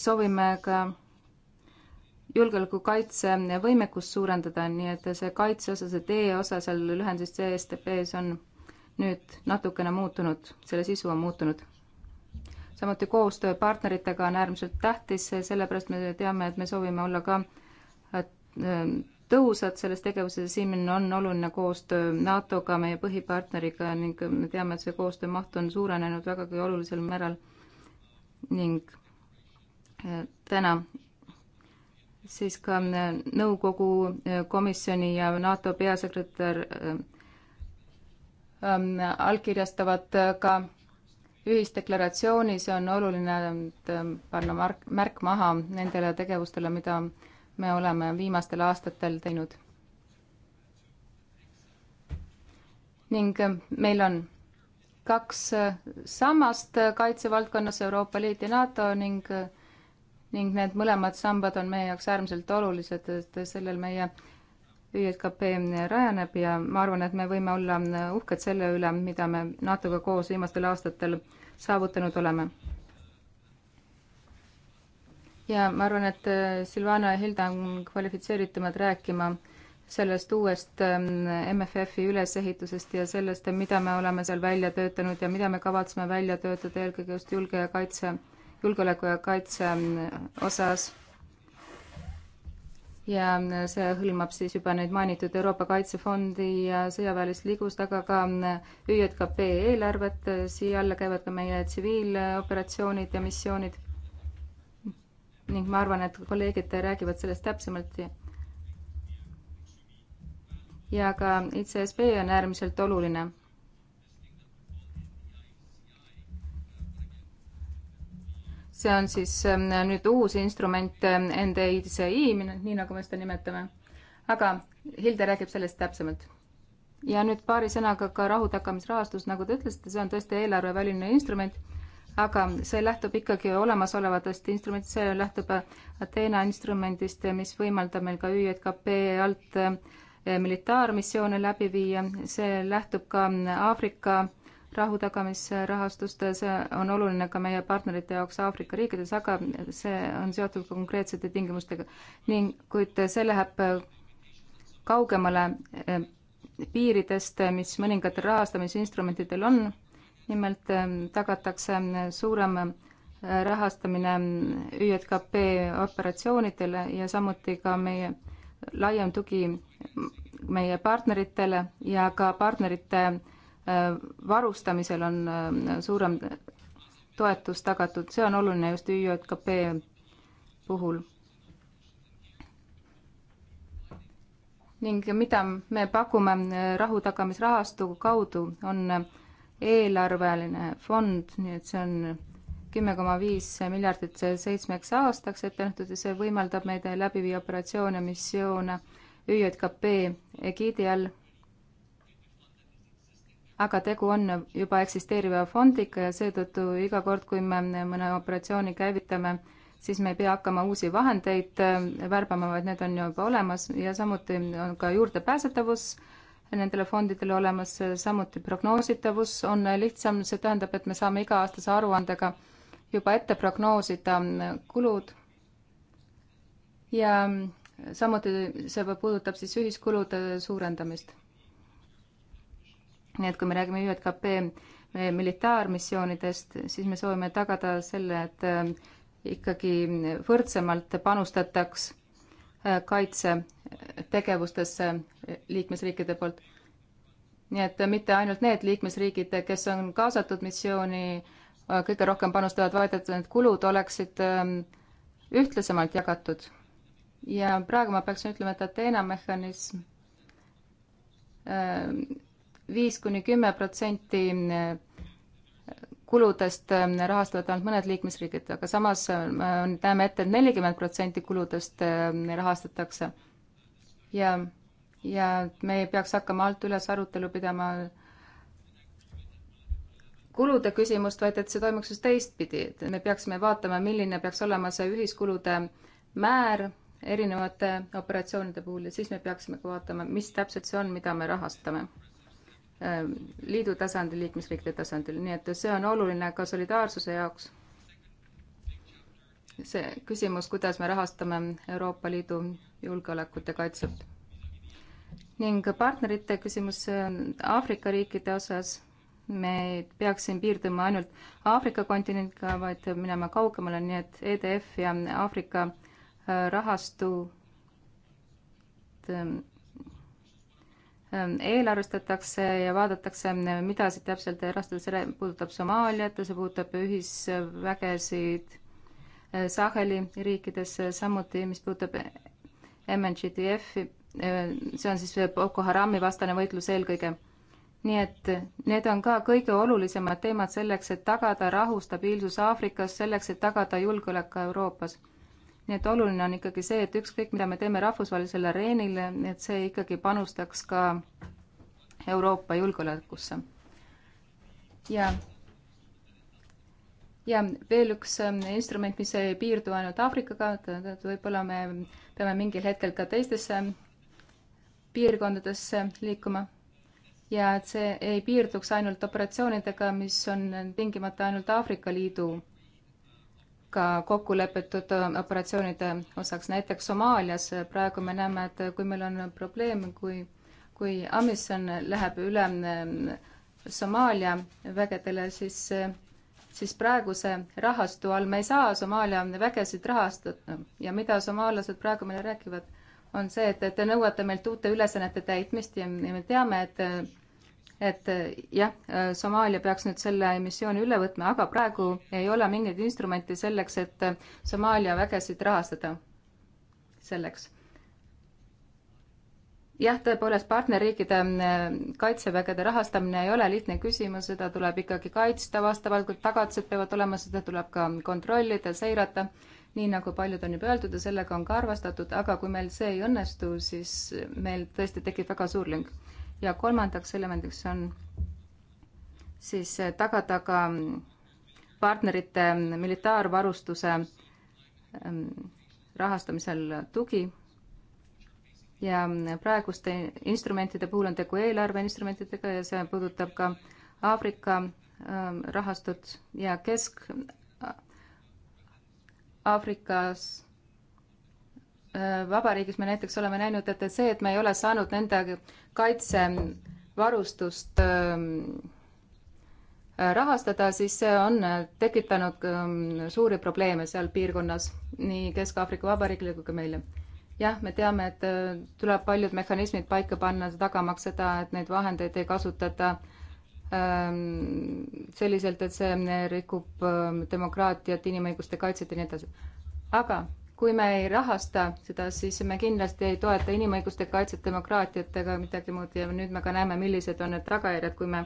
soovime ka julgeolekukaitsevõimekust suurendada, nii et see kaitse osa, see D osa seal lühendis CSTP-s on nüüd natukene muutunud, selle sisu on muutunud. samuti koostöö partneritega on äärmiselt tähtis, sellepärast me teame, et me soovime olla ka ähm, tõhusad selles tegevuses ja siin on oluline koostöö NATO-ga, meie põhipartneriga ning me teame, et see koostöö maht on suurenenud vägagi olulisel määral ning äh, täna siis ka äh, nõukogu äh, komisjoni ja NATO peasekretär äh, ähm, allkirjastavad ka ühisdeklaratsiooni, see on oluline ähm, panna mark, märk maha nendele tegevustele, mida me oleme viimastel aastatel teinud. ning meil on kaks sammast kaitsevaldkonnas, Euroopa Liit ja NATO ning ning need mõlemad sambad on meie jaoks äärmiselt olulised, et sellel meie ÜSKP rajaneb ja ma arvan, et me võime olla uhked selle üle, mida me NATO-ga koos viimastel aastatel saavutanud oleme. ja ma arvan, et äh, Silvana ja Hilda on kvalifitseeritumad rääkima sellest uuest MFF-i ähm, ülesehitusest ja sellest, mida me oleme seal välja töötanud ja mida me kavatseme välja töötada eelkõige just julge- ja kaitse julgeoleku ja kaitse ähm, osas. ja ähm, see hõlmab siis juba nüüd mainitud Euroopa Kaitsefondi ja sõjaväelist liigust, aga ka ähm, ÜJKP eelarvet, siia alla käivad ka meie tsiviiloperatsioonid ja missioonid. ning ma arvan, et kolleegid räägivad sellest täpsemalt ja ka ICSB on äärmiselt oluline see on siis ähm, nüüd uus instrument ähm, NDICI, nii nagu me seda nimetame. aga Hilde räägib sellest täpsemalt. ja nüüd paari sõnaga ka rahutagamisrahastus, nagu te ütlesite, see on tõesti eelarveväline instrument, aga see lähtub ikkagi olemasolevatest instrumentidest, see lähtub Ateena instrumendist, mis võimaldab meil ka ÜJKP alt äh, militaarmissioone läbi viia, see lähtub ka Aafrika äh, rahutagamisrahastust, see on oluline ka meie partnerite jaoks Aafrika riikides, aga see on seotud ka konkreetsete tingimustega. ning, kuid see läheb kaugemale eh, piiridest, mis mõningatel rahastamisinstrumentidel on, nimelt eh, tagatakse suurem eh, rahastamine ÜJKP operatsioonidele ja samuti ka meie laiem tugi meie partneritele ja ka partnerite äh, Äh, varustamisel on äh, suurem toetus tagatud, see on oluline just ÜJKP puhul. ning mida me pakume äh, rahutagamisrahastu kaudu, on eelarveline fond, nii et see on kümme koma viis miljardit seitsmeks aastaks ette nähtud ja see võimaldab meid läbi viia operatsioone, missioone ÜJKP egiidi all aga tegu on juba eksisteeriva fondiga ja seetõttu iga kord, kui me mõne operatsiooni käivitame, siis me ei pea hakkama uusi vahendeid äh, värbama, vaid need on juba olemas ja samuti on ka juurdepääsetavus nendele fondidele olemas, samuti prognoositavus on lihtsam, see tähendab, et me saame iga-aastase aruandega juba ette prognoosida äh, kulud ja äh, samuti see puudutab siis ühiskulude suurendamist nii et kui me räägime ÜJKP eh, militaarmissioonidest, siis me soovime tagada selle, et eh, ikkagi võrdsemalt panustataks eh, kaitsetegevustesse liikmesriikide poolt. nii et mitte ainult need liikmesriigid, kes on kaasatud missiooni, kõige rohkem panustavad, vaid et need kulud oleksid ühtlasemalt jagatud. ja praegu ma peaksin ütlema, et Ateena mehhanism viis kuni kümme protsenti äh, kuludest äh, rahastavad ainult mõned liikmesriigid, aga samas äh, näeme ette et, et nelikümmend protsenti kuludest rahastatakse. ja, ja me ei peaks hakkama alt üles arutelu pidama kulude küsimust, vaid et see toimuks just teistpidi, et me peaksime vaatama, milline peaks olema see ühiskulude määr erinevate operatsioonide puhul ja siis me peaksime ka vaatama, mis täpselt see on, mida me rahastame Ähm, liidu tasandil, liikmesriikide tasandil, nii et see on oluline ka solidaarsuse jaoks. see küsimus, kuidas me rahastame Euroopa Liidu julgeolekut ja kaitset. ning partnerite küsimus Aafrika riikide osas, me ei peaks siin piirduma ainult Aafrika kontinendiga, vaid minema kaugemale, nii et EDF ja Aafrika äh, rahastu ähm, Ehm, eelarvestatakse ja vaadatakse, mida siit täpselt erastatakse, puudutab Somaaliat, see puudutab ühisvägesid eh, Saheli riikides, eh, samuti mis puudutab MNGTF-i, eh, see on siis Boko Harami vastane võitlus eelkõige. nii et need on ka kõige olulisemad teemad selleks, et tagada rahu, stabiilsus Aafrikas, selleks, et tagada julgeolek ka Euroopas nii et oluline on ikkagi see, et ükskõik, mida me teeme rahvusvahelisel areenil, et see ikkagi panustaks ka Euroopa julgeolekusse. ja, ja veel üks ähm, instrument, mis ei piirdu ainult Aafrikaga, et, et võib-olla me peame mingil hetkel ka teistesse piirkondadesse liikuma ja et see ei piirduks ainult operatsioonidega, mis on tingimata ainult Aafrika Liidu ka kokku lepitud äh, operatsioonide osaks, näiteks Somaalias äh, praegu me näeme, et äh, kui meil on probleem, kui, kui Amison läheb üle Somaalia vägedele, siis, siis praeguse rahastu all me ei saa Somaalia vägesid rahastada ja mida somaallased praegu meile räägivad, on see, et te nõuate meilt uute ülesannete täitmist ja me teame, et et eh, jah, eh, Somaalia peaks nüüd selle missiooni üle võtma, aga praegu ei ole mingeid instrumente selleks, et eh, Somaalia vägesid rahastada selleks. jah, tõepoolest, partnerriikide kaitsevägede rahastamine ei ole lihtne küsimus, seda tuleb ikkagi kaitsta, vastavalt kui tagatised peavad olema, seda tuleb ka kontrollida, seirata, nii nagu paljud on juba öeldud ja sellega on ka arvestatud, aga kui meil see ei õnnestu, siis meil tõesti tekib väga suur lünk ja kolmandaks elemendiks on siis äh, tagada -taga ka mm, partnerite mm, militaarvarustuse mm, rahastamisel tugi ja praeguste instrumentide puhul on tegu eelarveinstrumentidega ja see puudutab ka Aafrika rahastut ja Kesk-Aafrikas Äh, vabariigis me näiteks oleme näinud, et see, et me ei ole saanud nende kaitsevarustust ähm, äh, rahastada, siis see on äh, tekitanud ähm, suuri probleeme seal piirkonnas, nii Kesk-Aafrika Vabariigile kui ka meile. jah, me teame, et tuleb paljud mehhanismid paika panna, tagamaks seda, et neid vahendeid ei kasutata ähm, selliselt, et see rikub demokraatiat, inimõiguste kaitset ja nii edasi. aga kui me ei rahasta seda, siis me kindlasti ei toeta inimõiguste kaitset, demokraatiat ega midagi muud ja nüüd me ka näeme, millised on need tagajärjed, kui me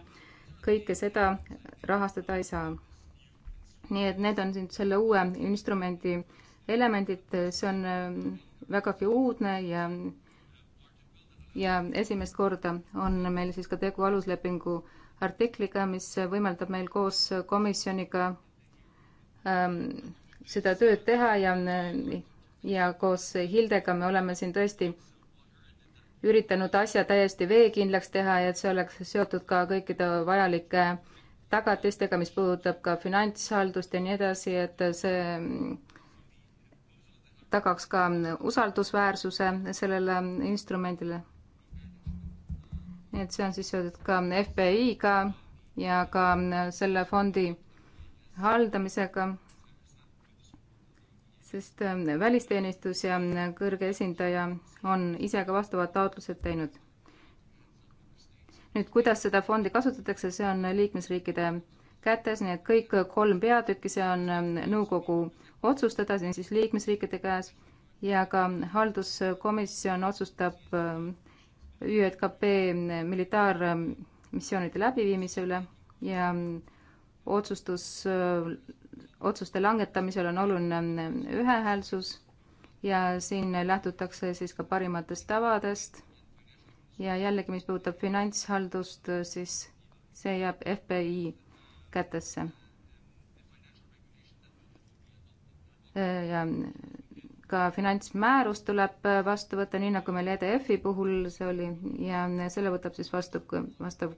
kõike seda rahastada ei saa. nii et need on siin selle uue instrumendi elemendid, see on ähm, vägagi uudne ja ja esimest korda on meil siis ka tegu aluslepingu artikliga, mis võimaldab meil koos komisjoniga ähm, seda tööd teha ja, ja koos Hildega me oleme siin tõesti üritanud asja täiesti veekindlaks teha ja et see oleks seotud ka kõikide vajalike tagatistega, mis puudutab ka finantshaldust ja nii edasi, et see tagaks ka usaldusväärsuse sellele instrumendile. nii et see on siis seotud ka FBI-ga ja ka selle fondi haldamisega sest ähm, välisteenistus ja äh, kõrge esindaja on ise ka vastavad taotlused teinud. nüüd, kuidas seda fondi kasutatakse, see on äh, liikmesriikide kätes, nii et kõik kolm peatükki, see on ähm, nõukogu otsustada, see on siis liikmesriikide käes ja ka halduskomisjon otsustab ähm, ÜJKP äh, militaarmissioonide läbiviimise üle ja otsustus otsuste langetamisel on oluline mm, ühehäälsus ja siin lähtutakse siis ka parimatest tavadest. ja jällegi, mis puudutab finantshaldust, siis see jääb FBI kätesse. ja ka finantsmäärus tuleb vastu võtta, nii nagu meil EDF-i puhul see oli ja selle võtab siis vastu vastav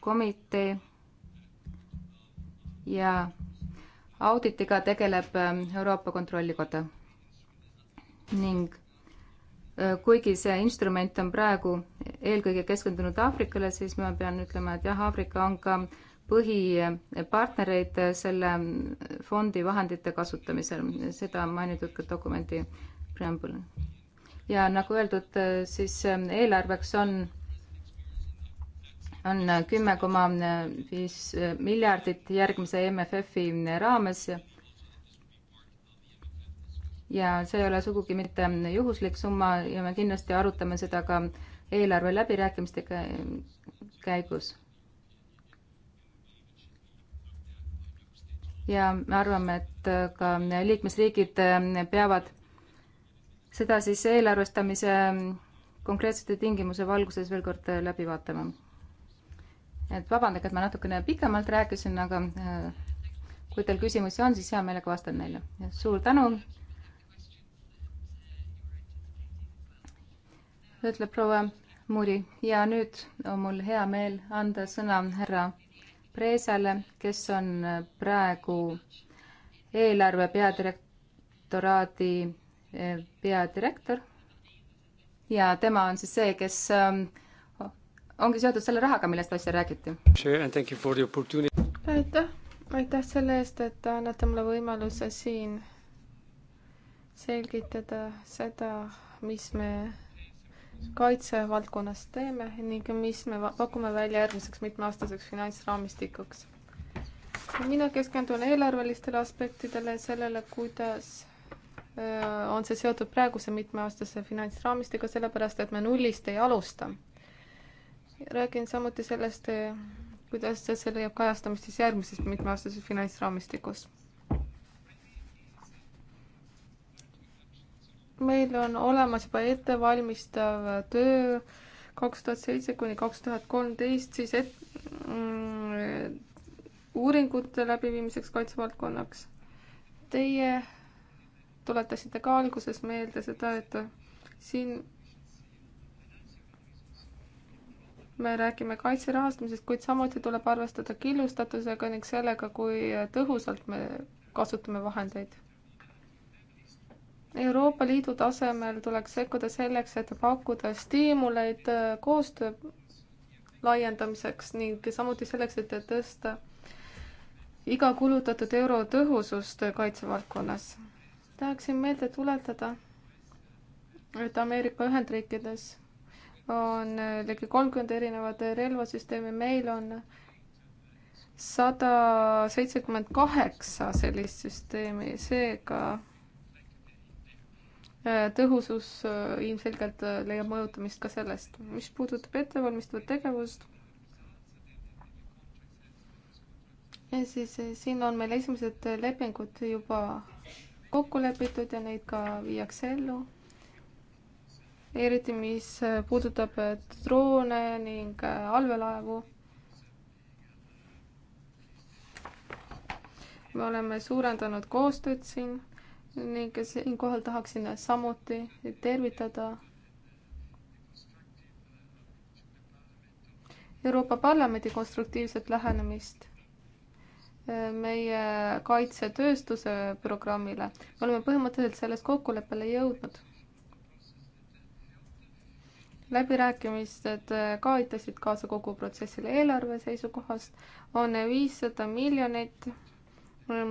komitee ja auditiga tegeleb ähm, Euroopa Kontrollikoda. ning äh, kuigi see instrument on praegu eelkõige keskendunud Aafrikale, siis ma pean ütlema, et jah, Aafrika on ka põhipartnereid äh, selle ähm, fondi vahendite kasutamisel, seda on mainitud ka dokumendi preambul. ja nagu öeldud, äh, siis ähm, eelarveks on on kümme koma viis miljardit järgmise MFF-i raames ja see ei ole sugugi mitte juhuslik summa ja me kindlasti arutame seda ka eelarve läbirääkimiste käigus. ja me arvame, et ka liikmesriigid peavad seda siis eelarvestamise konkreetsete tingimuse valguses veel kord läbi vaatama et vabandage, et ma natukene pikemalt rääkisin, aga äh, kui teil küsimusi on, siis hea meelega vastan neile. suur tänu. ütleb proua Muri ja nüüd on mul hea meel anda sõna härra Preesale, kes on äh, praegu eelarve peadirektoraadi äh, peadirektor ja tema on siis see, kes äh, ongi seotud selle rahaga, millest äsja räägiti. aitäh, aitäh selle eest, et annate mulle võimaluse siin selgitada seda, mis me kaitsevaldkonnas teeme ning mis me pakume välja järgmiseks mitmeaastaseks finantsraamistikuks. mina keskendun eelarvelistele aspektidele, sellele, kuidas on see seotud praeguse mitmeaastase finantsraamistiga, sellepärast et me nullist ei alusta räägin samuti sellest, kuidas see leiab kajastamist siis järgmises mitmeaastases finantsraamistikus. meil on olemas juba ettevalmistav töö kaks tuhat seitse kuni kaks tuhat kolmteist, siis et, mm, uuringute läbiviimiseks kaitsevaldkonnaks. Teie tuletasite ka alguses meelde seda, et siin me räägime kaitse rahastamisest, kuid samuti tuleb arvestada killustatusega ning sellega, kui tõhusalt me kasutame vahendeid. Euroopa Liidu tasemel tuleks sekkuda selleks, et pakkuda stiimuleid äh, koostöö laiendamiseks ning samuti selleks, et tõsta iga kulutatud euro tõhusust kaitsevaldkonnas. tahaksin meelde tuletada, et Ameerika Ühendriikides on äh, ligi kolmkümmend erinevat relvasüsteemi, meil on sada seitsekümmend kaheksa sellist süsteemi, seega äh, tõhusus äh, ilmselgelt leiab mõjutamist ka sellest. mis puudutab ettevalmistavat tegevust, siis siin on meil esimesed lepingud juba kokku lepitud ja neid ka viiakse ellu eriti mis puudutab droone ning allveelaevu me oleme suurendanud koostööd siin ning siinkohal tahaksin samuti tervitada Euroopa Parlamendi konstruktiivset lähenemist meie kaitsetööstuse programmile. me oleme põhimõtteliselt selles kokkuleppele jõudnud läbirääkimised ka aitasid kaasa kogu protsessile eelarve seisukohast, on viissada miljonit,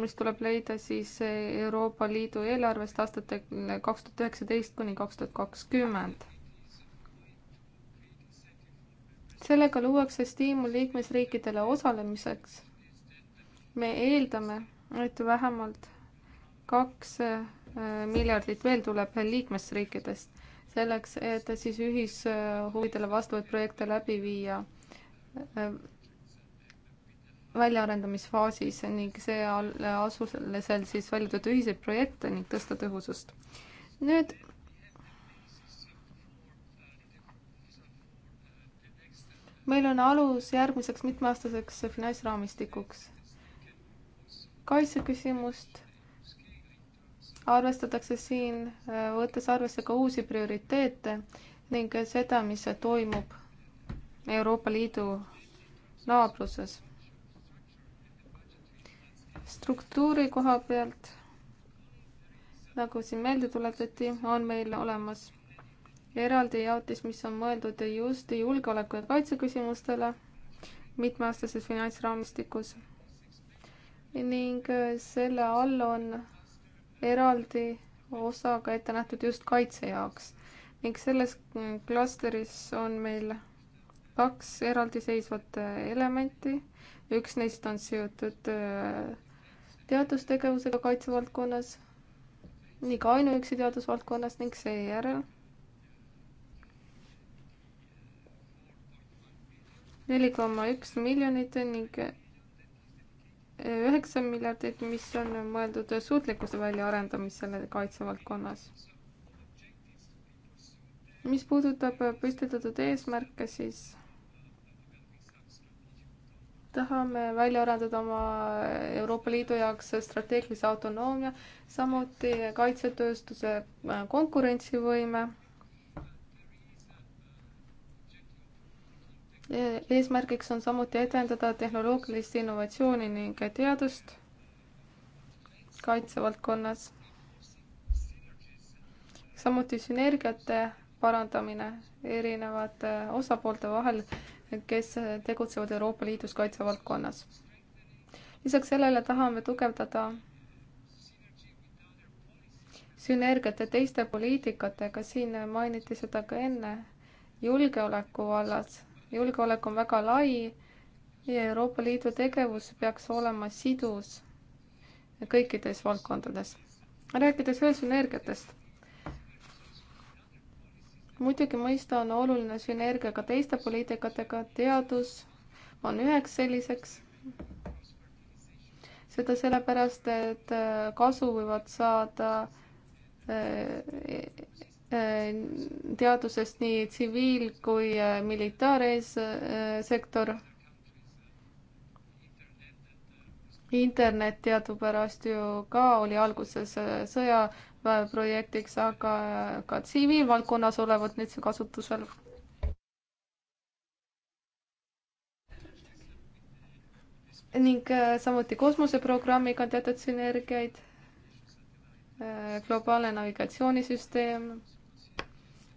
mis tuleb leida siis Euroopa Liidu eelarvest aastatel kaks tuhat üheksateist kuni kaks tuhat kakskümmend. sellega luuakse stiimul liikmesriikidele osalemiseks. me eeldame, et vähemalt kaks äh, miljardit veel tuleb liikmesriikidest selleks, et siis ühishuvidele vastavaid projekte läbi viia äh, väljaarendamisfaasis ning see äh, asusel siis välja töötada ühiseid projekte ning tõsta tõhusust. nüüd meil on alus järgmiseks mitmeaastaseks finantsraamistikuks. kaitseküsimust arvestatakse siin, äh, võttes arvesse ka uusi prioriteete ning seda, mis toimub Euroopa Liidu naabruses. struktuuri koha pealt, nagu siin meelde tuletati, on meil olemas eraldi jaotis, mis on mõeldud just julgeoleku ja kaitse küsimustele mitmeaastases finantsraamistikus. ning äh, selle all on eraldi osaga ette nähtud just kaitse jaoks ning selles klastris on meil kaks eraldiseisvat äh, elementi. üks neist on seotud äh, teadustegevusega kaitsevaldkonnas, nii ka ainuüksi teadusvaldkonnas ning seejärel neli koma üks miljonit ning üheksa miljardit, mis on mõeldud suutlikkuse väljaarendamisele kaitsevaldkonnas. mis puudutab püstitatud eesmärke, siis tahame välja arendada oma Euroopa Liidu jaoks strateegilise autonoomia, samuti kaitsetööstuse konkurentsivõime E, eesmärgiks on samuti edendada tehnoloogilist innovatsiooni ning teadust kaitsevaldkonnas. samuti sünergiate parandamine erinevate osapoolte vahel, kes tegutsevad Euroopa Liidus kaitsevaldkonnas. lisaks sellele tahame tugevdada sünergiate teiste poliitikatega, siin mainiti seda ka enne, julgeoleku vallas julgeolek on väga lai ja Euroopa Liidu tegevus peaks olema sidus kõikides valdkondades. rääkides veel sünergiatest. muidugi mõista on oluline sünergia ka teiste poliitikatega, teadus on üheks selliseks seda sellepärast, et kasu võivad saada eh, Äh, teadusest nii tsiviil- kui äh, militaareessektor. Äh, internet teadupärast ju ka oli alguses sõjaväeprojektiks, aga ka tsiviilvaldkonnas olevat nüüd see kasutusel. ning samuti kosmoseprogrammiga on teatud sünergiaid globaalne navigatsioonisüsteem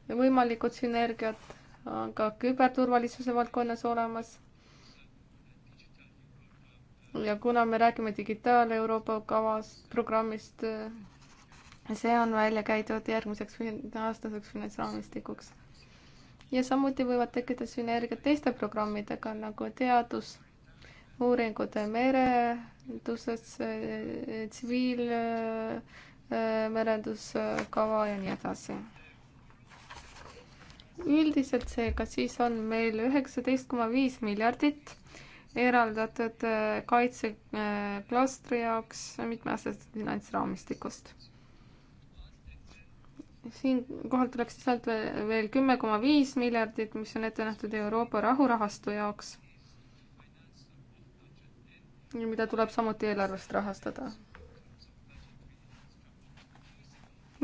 võimalikud sünergiad on ka küberturvalisuse valdkonnas olemas. ja kuna me räägime Digitaal-Euroopa kavast, programmist, see on välja käidud järgmiseks aastaseks finantsraamistikuks. ja samuti võivad tekkida sünergiad teiste programmidega nagu teadus, uuringud merenduses, tsiviilmerenduskava ja nii edasi üldiselt seega siis on meil üheksateist koma viis miljardit eraldatud äh, kaitseklastri äh, jaoks mitmeaastasest finantsraamistikust. siinkohal tuleks sealt veel kümme koma viis miljardit, mis on ette nähtud Euroopa rahurahastu jaoks, mida tuleb samuti eelarvest rahastada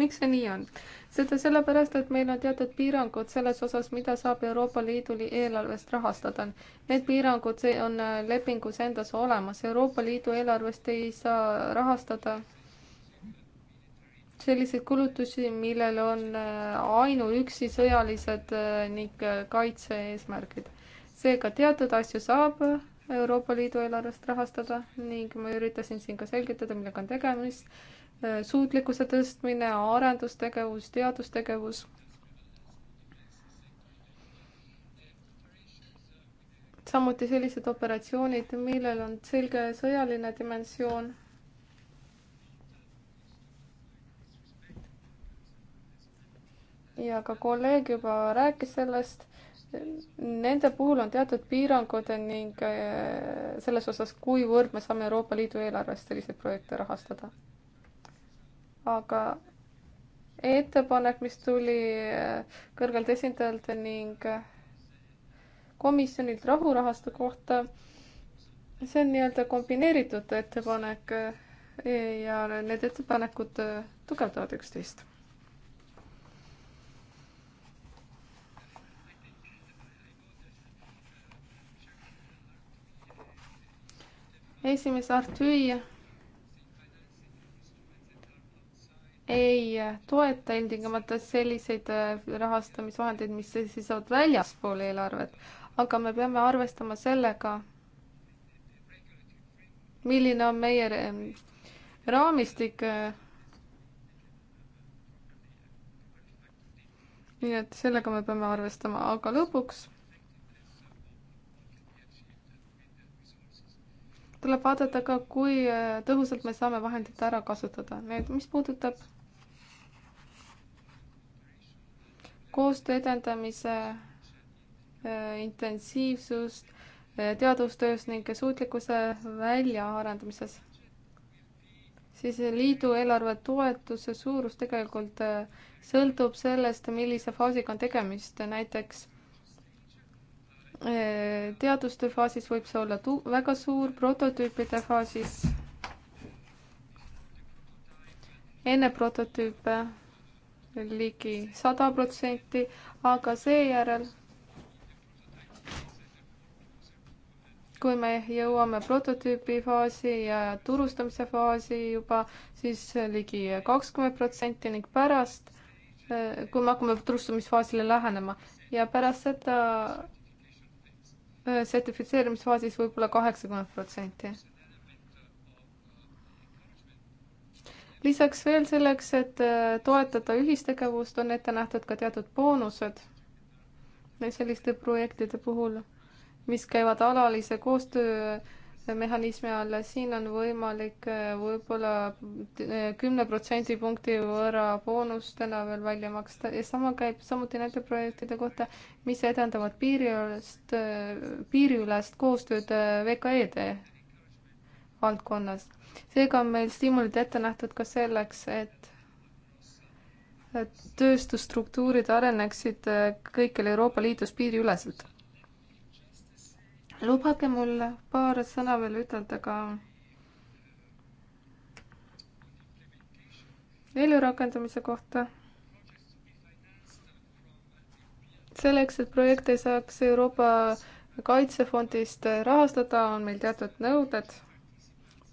miks see nii on? seda sellepärast, et meil on teatud piirangud selles osas, mida saab Euroopa Liidu eelarvest rahastada. Need piirangud on äh, lepingus endas olemas, Euroopa Liidu eelarvest ei saa rahastada selliseid kulutusi, millel on äh, ainuüksi sõjalised äh, ning kaitse-eesmärgid. seega teatud asju saab Euroopa Liidu eelarvest rahastada ning ma üritasin siin ka selgitada, millega on tegemist suutlikkuse tõstmine, arendustegevus, teadustegevus. samuti sellised operatsioonid, millel on selge sõjaline dimensioon. ja ka kolleeg juba rääkis sellest nende puhul on teatud piirangud ning eh, selles osas, kuivõrd me saame Euroopa Liidu eelarvest selliseid projekte rahastada aga ettepanek, mis tuli äh, kõrgelt esindajalt ning äh, komisjonilt rahurahastu kohta, see on nii-öelda kombineeritud ettepanek äh, ja need ettepanekud tugevdavad üksteist. esimese Artüi ei toeta ilmtingimata selliseid äh, rahastamisvahendeid, mis seisavad väljaspool eelarvet, aga me peame arvestama sellega, milline on meie äh, raamistik. Äh. nii et sellega me peame arvestama, aga lõpuks tuleb vaadata ka, kui tõhusalt me saame vahendit ära kasutada. nüüd, mis puudutab koostöö edendamise äh, intensiivsust äh, teadustöös ning suutlikkuse väljaarendamises, siis liidu eelarve toetuse suurus tegelikult äh, sõltub sellest, millise faasiga on tegemist, näiteks teadustöö faasis võib see olla tu-, väga suur, prototüüpide faasis, enne prototüüpe ligi sada protsenti, aga seejärel, kui me jõuame prototüübi faasi ja turustamise faasi juba, siis ligi kakskümmend protsenti ning pärast, kui me hakkame turustamisfaasile lähenema ja pärast seda äh, sertifitseerimisfaasis võib-olla kaheksakümmend protsenti lisaks veel selleks, et äh, toetada ühistegevust, on ette nähtud ka teatud boonused selliste projektide puhul, mis käivad alalise koostöö mehhanismi all, siin on võimalik äh, võib-olla äh, kümne protsendipunkti võrra boonustena veel välja maksta ja sama käib samuti nende projektide kohta, mis edendavad piiriülest, piiriülest koostööd VKE-de valdkonnas. seega on meil stiimulid ette nähtud ka selleks, et tööstusstruktuurid areneksid äh, kõikjal Euroopa Liidus piiriüleselt. lubage mul paar sõna veel ütelda ka ellurakendamise kohta. selleks, et projekt ei saaks Euroopa kaitsefondist rahastada, on meil teatud nõuded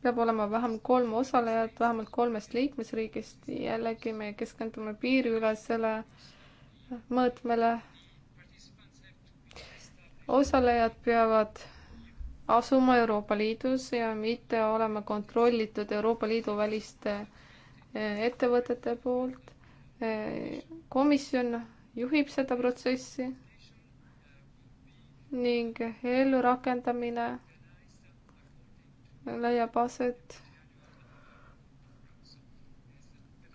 peab olema vähemalt kolm osalejat vähemalt kolmest liikmesriigist. jällegi me keskendume piiriülesele mõõtmele. osalejad peavad asuma Euroopa Liidus ja mitte olema kontrollitud Euroopa Liidu väliste eh, ettevõtete poolt. Eh, komisjon juhib seda protsessi ning ellurakendamine leiab aset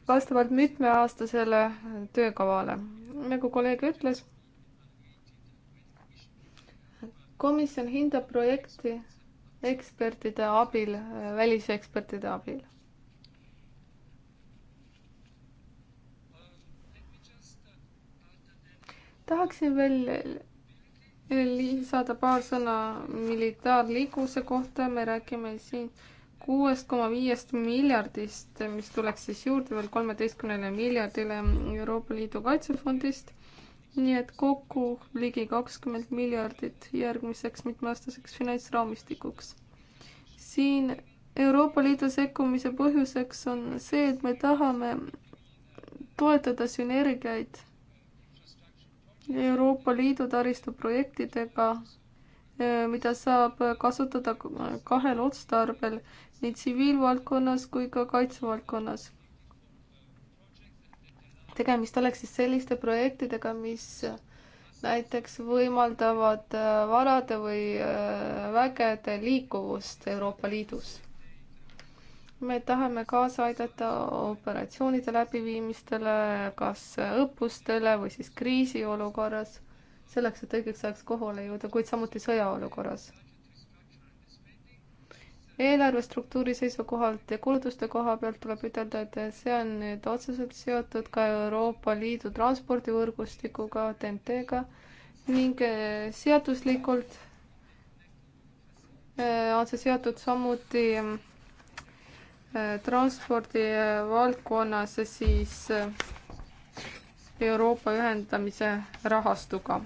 vastavalt mitmeaastasele töökavale. nagu kolleeg ütles, komisjon hindab projekti ekspertide abil, välisekspertide abil. tahaksin veel lisada paar sõna militaarliikluse kohta, me räägime siin kuuest koma viiest miljardist, mis tuleks siis juurde veel kolmeteistkümnele miljardile Euroopa Liidu kaitsefondist. nii et kokku ligi kakskümmend miljardit järgmiseks mitmeaastaseks finantsraamistikuks. siin Euroopa Liidu sekkumise põhjuseks on see, et me tahame toetada sünergiaid Euroopa Liidu taristu projektidega, eh, mida saab kasutada kahel otstarbel nii tsiviilvaldkonnas kui ka kaitsevaldkonnas. tegemist oleks siis selliste projektidega, mis näiteks võimaldavad eh, varade või eh, vägede liikuvust Euroopa Liidus me tahame kaasa aidata operatsioonide läbiviimistele, kas õppustele või siis kriisiolukorras, selleks, et õigeks ajaks kohale jõuda, kuid samuti sõjaolukorras. eelarve struktuuri seisukohalt ja kulutuste koha pealt tuleb ütelda, et see on nüüd otseselt seotud ka Euroopa Liidu transpordivõrgustikuga, TNT-ga ning eh, seaduslikult eh, on see seotud samuti mm, transpordi äh, valdkonnas siis äh, Euroopa ühendamise rahastuga.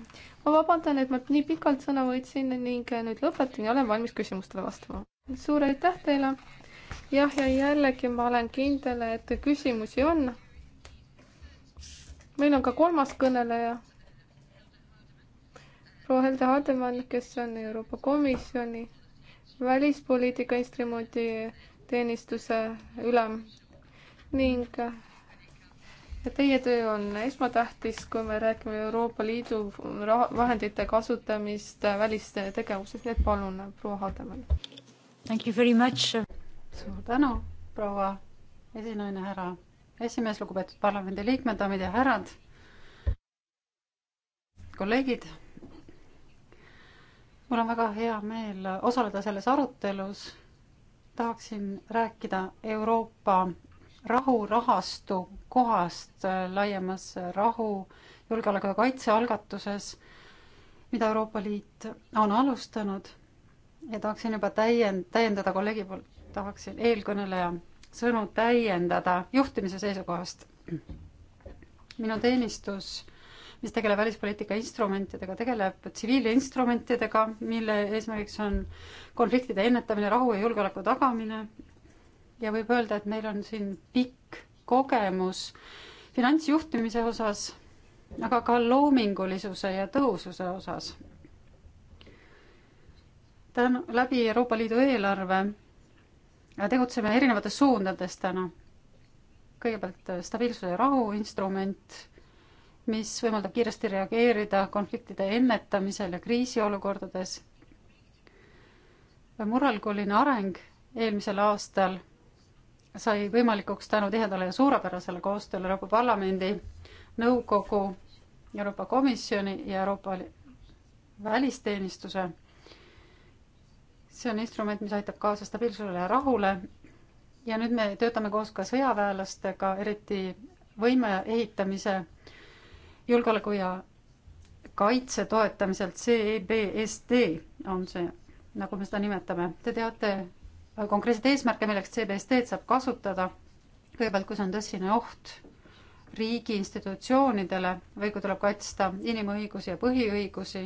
ma vabandan, et ma nii pikalt sõna võtsin ning äh, nüüd lõpetan ja olen valmis küsimustele vastama. suur aitäh teile. jah, ja jällegi ma olen kindel, et küsimusi on. meil on ka kolmas kõneleja. proua Helda Hademann, kes on Euroopa Komisjoni välispoliitika instrumendi teenistuse ülem ning teie töö on esmatähtis, kui me räägime Euroopa Liidu raha, vahendite kasutamist väliste tegevuses, nii et palun, proua Hademäel. Thank you very much. suur tänu, proua esinaine, härra esimees, lugupeetud parlamendiliikmed, daamid ja härrad, kolleegid. mul on väga hea meel osaleda selles arutelus tahaksin rääkida Euroopa rahurahastu kohast äh, laiemas rahu, julgeoleku ja kaitse algatuses, mida Euroopa Liit on alustanud ja tahaksin juba täiend-, täiendada kolleegi poolt, tahaksin eelkõneleja sõnu täiendada juhtimise seisukohast. minu teenistus mis tegeleb välispoliitika instrumentidega, tegeleb tsiviilinstrumentidega, mille eesmärgiks on konfliktide ennetamine, rahu ja julgeoleku tagamine. ja võib öelda, et meil on siin pikk kogemus finantsjuhtimise osas, aga ka loomingulisuse ja tõhususe osas. tänu, läbi Euroopa Liidu eelarve tegutseme erinevates suundades täna kõigepealt stabiilsuse ja rahu instrument mis võimaldab kiiresti reageerida konfliktide ennetamisel ja kriisiolukordades. murralguline areng eelmisel aastal sai võimalikuks tänu tihedale ja suurepärasele koostööle Euroopa Parlamendi, Nõukogu, Euroopa Komisjoni ja Euroopa välisteenistuse. see on instrument, mis aitab kaasa stabiilsusele ja rahule. ja nüüd me töötame koos ka sõjaväelastega, eriti võime ehitamise julgeoleku ja kaitse toetamiselt, CBSD e on see, nagu me seda nimetame. Te teate konkreetseid eesmärke, milleks CBSD-d saab kasutada. kõigepealt, kui see on tõsine oht riigi institutsioonidele või kui tuleb kaitsta inimõigusi ja põhiõigusi.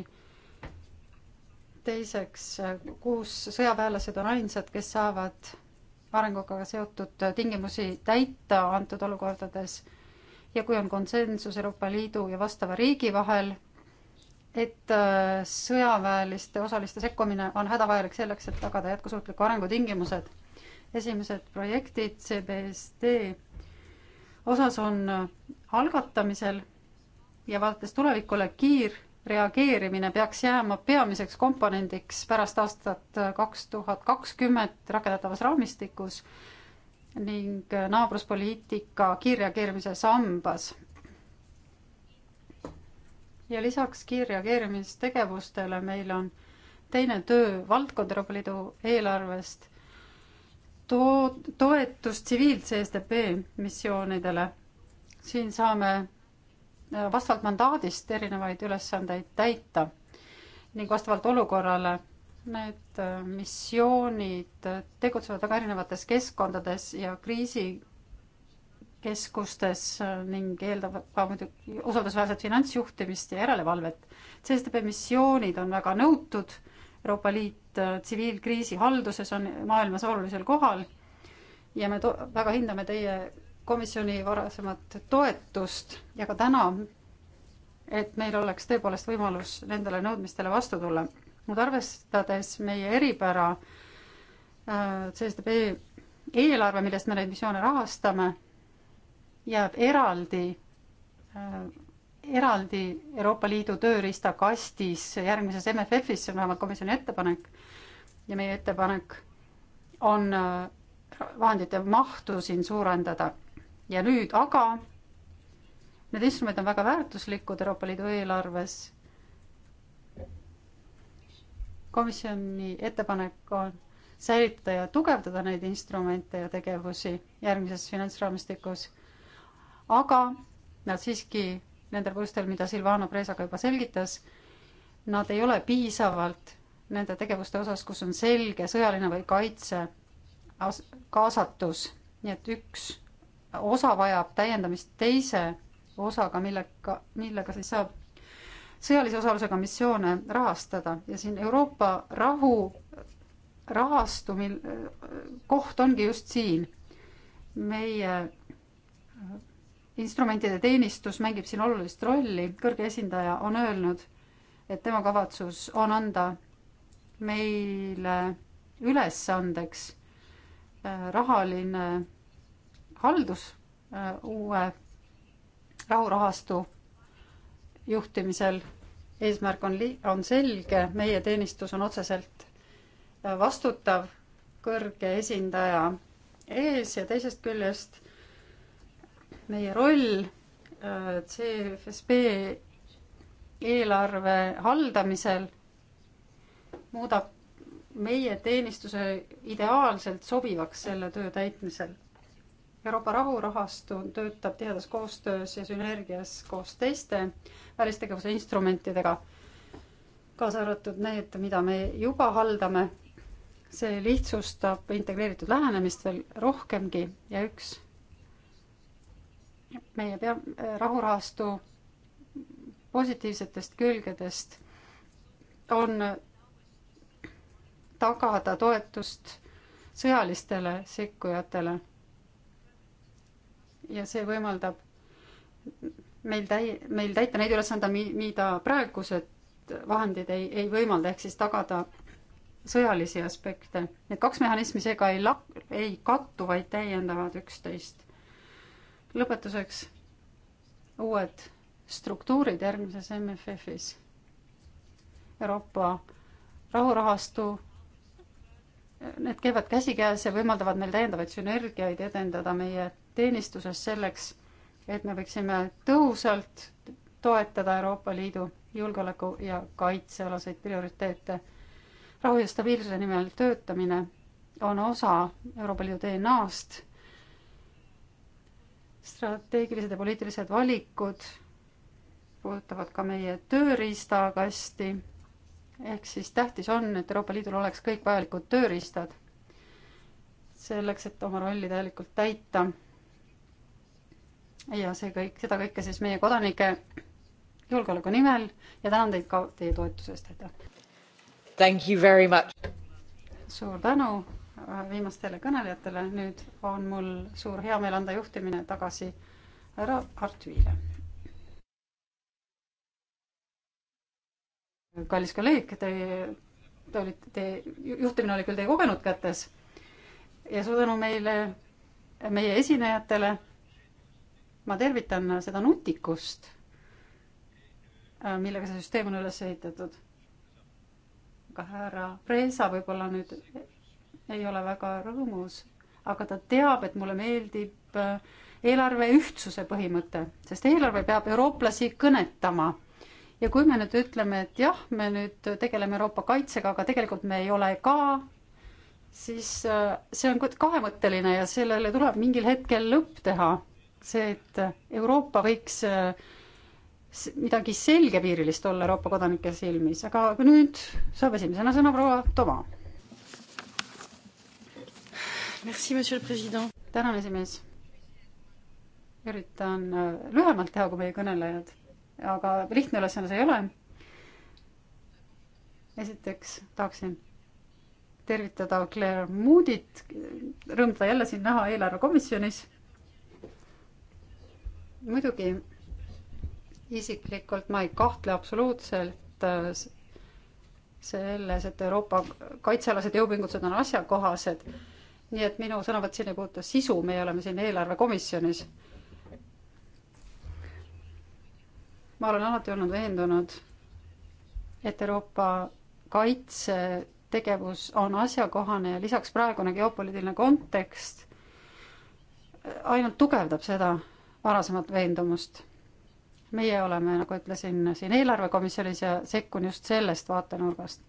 teiseks, kus sõjaväelased on ainsad, kes saavad arenguga seotud tingimusi täita antud olukordades ja kui on konsensus Euroopa Liidu ja vastava riigi vahel, et äh, sõjaväeliste osaliste sekkumine on hädavajalik selleks, et tagada jätkusuutliku arengu tingimused. esimesed projektid CBSD osas on äh, algatamisel ja vaadates tulevikule, kiirreageerimine peaks jääma peamiseks komponendiks pärast aastat äh, kaks tuhat kakskümmend rakendatavas raamistikus ning äh, naabruspoliitika kiirreageerimise sambas. ja lisaks kiirreageerimistegevustele meil on teine töövaldkond Euroopa Liidu eelarvest, to-, toetus tsiviilse STP missioonidele. siin saame äh, vastavalt mandaadist erinevaid ülesandeid täita ning vastavalt olukorrale Need äh, missioonid tegutsevad väga erinevates keskkondades ja kriisikeskustes äh, ning eeldavad ka muidugi usaldusväärset finantsjuhtimist ja järelevalvet. CSTP missioonid on väga nõutud, Euroopa Liit äh, tsiviilkriisihalduses on maailmas olulisel kohal ja me to-, väga hindame teie komisjoni varasemat toetust ja ka täna, et meil oleks tõepoolest võimalus nendele nõudmistele vastu tulla nüüd arvestades meie eripära, äh, CSTB eelarve, millest me neid missioone rahastame, jääb eraldi, äh, eraldi Euroopa Liidu tööriistakastis järgmises MFF-is, see on vähemalt komisjoni ettepanek, ja meie ettepanek on äh, vahendite mahtu siin suurendada. ja nüüd aga need instrumendid on väga väärtuslikud Euroopa Liidu eelarves komisjoni ettepanek on säilitada ja tugevdada neid instrumente ja tegevusi järgmises finantsraamistikus. aga nad siiski nendel põhjustel, mida Silvano Presaga juba selgitas, nad ei ole piisavalt nende tegevuste osas, kus on selge sõjaline või kaitse kaasatus, nii et üks osa vajab täiendamist teise osaga, millega, millega siis saab sõjalise osalusega missioone rahastada ja siin Euroopa rahu rahastu, mil koht ongi just siin. meie äh, instrumentide teenistus mängib siin olulist rolli, kõrge esindaja on öelnud, et tema kavatsus on anda meile ülesandeks äh, rahaline haldus äh, uue rahurahastu juhtimisel. eesmärk on, on selge, meie teenistus on otseselt äh, vastutav kõrge esindaja ees ja teisest küljest meie roll äh, CFSB eelarve haldamisel muudab meie teenistuse ideaalselt sobivaks selle töö täitmisel Euroopa rahurahastu töötab tihedas koostöös ja sünergias koos teiste välistegevuse instrumentidega, kaasa arvatud need, mida me juba haldame. see lihtsustab integreeritud lähenemist veel rohkemgi ja üks meie pea-, rahurahastu positiivsetest külgedest on tagada toetust sõjalistele sekkujatele ja see võimaldab meil täi-, meil täita neid ülesande, mida praegused vahendid ei, ei võimalda, ehk siis tagada sõjalisi aspekte. Need kaks mehhanismi seega ei lak-, ei kattu, vaid täiendavad üksteist. lõpetuseks uued struktuurid järgmises MFF-is. Euroopa rahurahastu, need käivad käsikäes ja võimaldavad meil täiendavaid sünergiaid edendada meie teenistuses selleks, et me võiksime tõhusalt toetada Euroopa Liidu julgeoleku ja kaitsealaseid prioriteete. rahu ja stabiilsuse nimel töötamine on osa Euroopa Liidu DNA-st. strateegilised ja poliitilised valikud puudutavad ka meie tööriistakasti. ehk siis tähtis on, et Euroopa Liidul oleks kõik vajalikud tööriistad selleks, et oma rolli täielikult täita ja see kõik, seda kõike siis meie kodanike julgeoleku nimel ja tänan teid ka teie toetuse eest, aitäh! Thank you very much! suur tänu äh, viimastele kõnelejatele, nüüd on mul suur heameel anda juhtimine tagasi härra Artviile. kallis kolleeg, te, te olite, teie juhtimine oli küll teie kogenud kätes ja suur tänu meile, meie esinejatele ma tervitan seda nutikust, äh, millega see süsteem on üles ehitatud. aga härra Preesa võib-olla nüüd ei ole väga rõõmus, aga ta teab, et mulle meeldib äh, eelarve ühtsuse põhimõte, sest eelarve peab eurooplasi kõnetama. ja kui me nüüd ütleme, et jah, me nüüd tegeleme Euroopa kaitsega, aga tegelikult me ei ole ka, siis äh, see on kahemõtteline ja sellele tuleb mingil hetkel lõpp teha see, et Euroopa võiks midagi selgepiirilist olla Euroopa kodanike silmis, aga nüüd saab esimesena sõna proua Toma. tänan, esimees. üritan äh, lühemalt teha kui meie kõnelejad, aga lihtne ülesanne see ei ole. esiteks tahaksin tervitada Claire Moodit, rõõm teda jälle siin näha eelarvekomisjonis muidugi isiklikult ma ei kahtle absoluutselt äh, selles, et Euroopa kaitsealased jõupingutused on asjakohased. nii et minu sõnavõtt siin ei puuduta sisu, meie oleme siin eelarvekomisjonis. ma olen alati olnud veendunud, et Euroopa kaitsetegevus on asjakohane ja lisaks praegune geopoliitiline kontekst äh, ainult tugevdab seda varasemat veendumust. meie oleme, nagu ütlesin, siin eelarvekomisjonis ja sekkun just sellest vaatenurgast.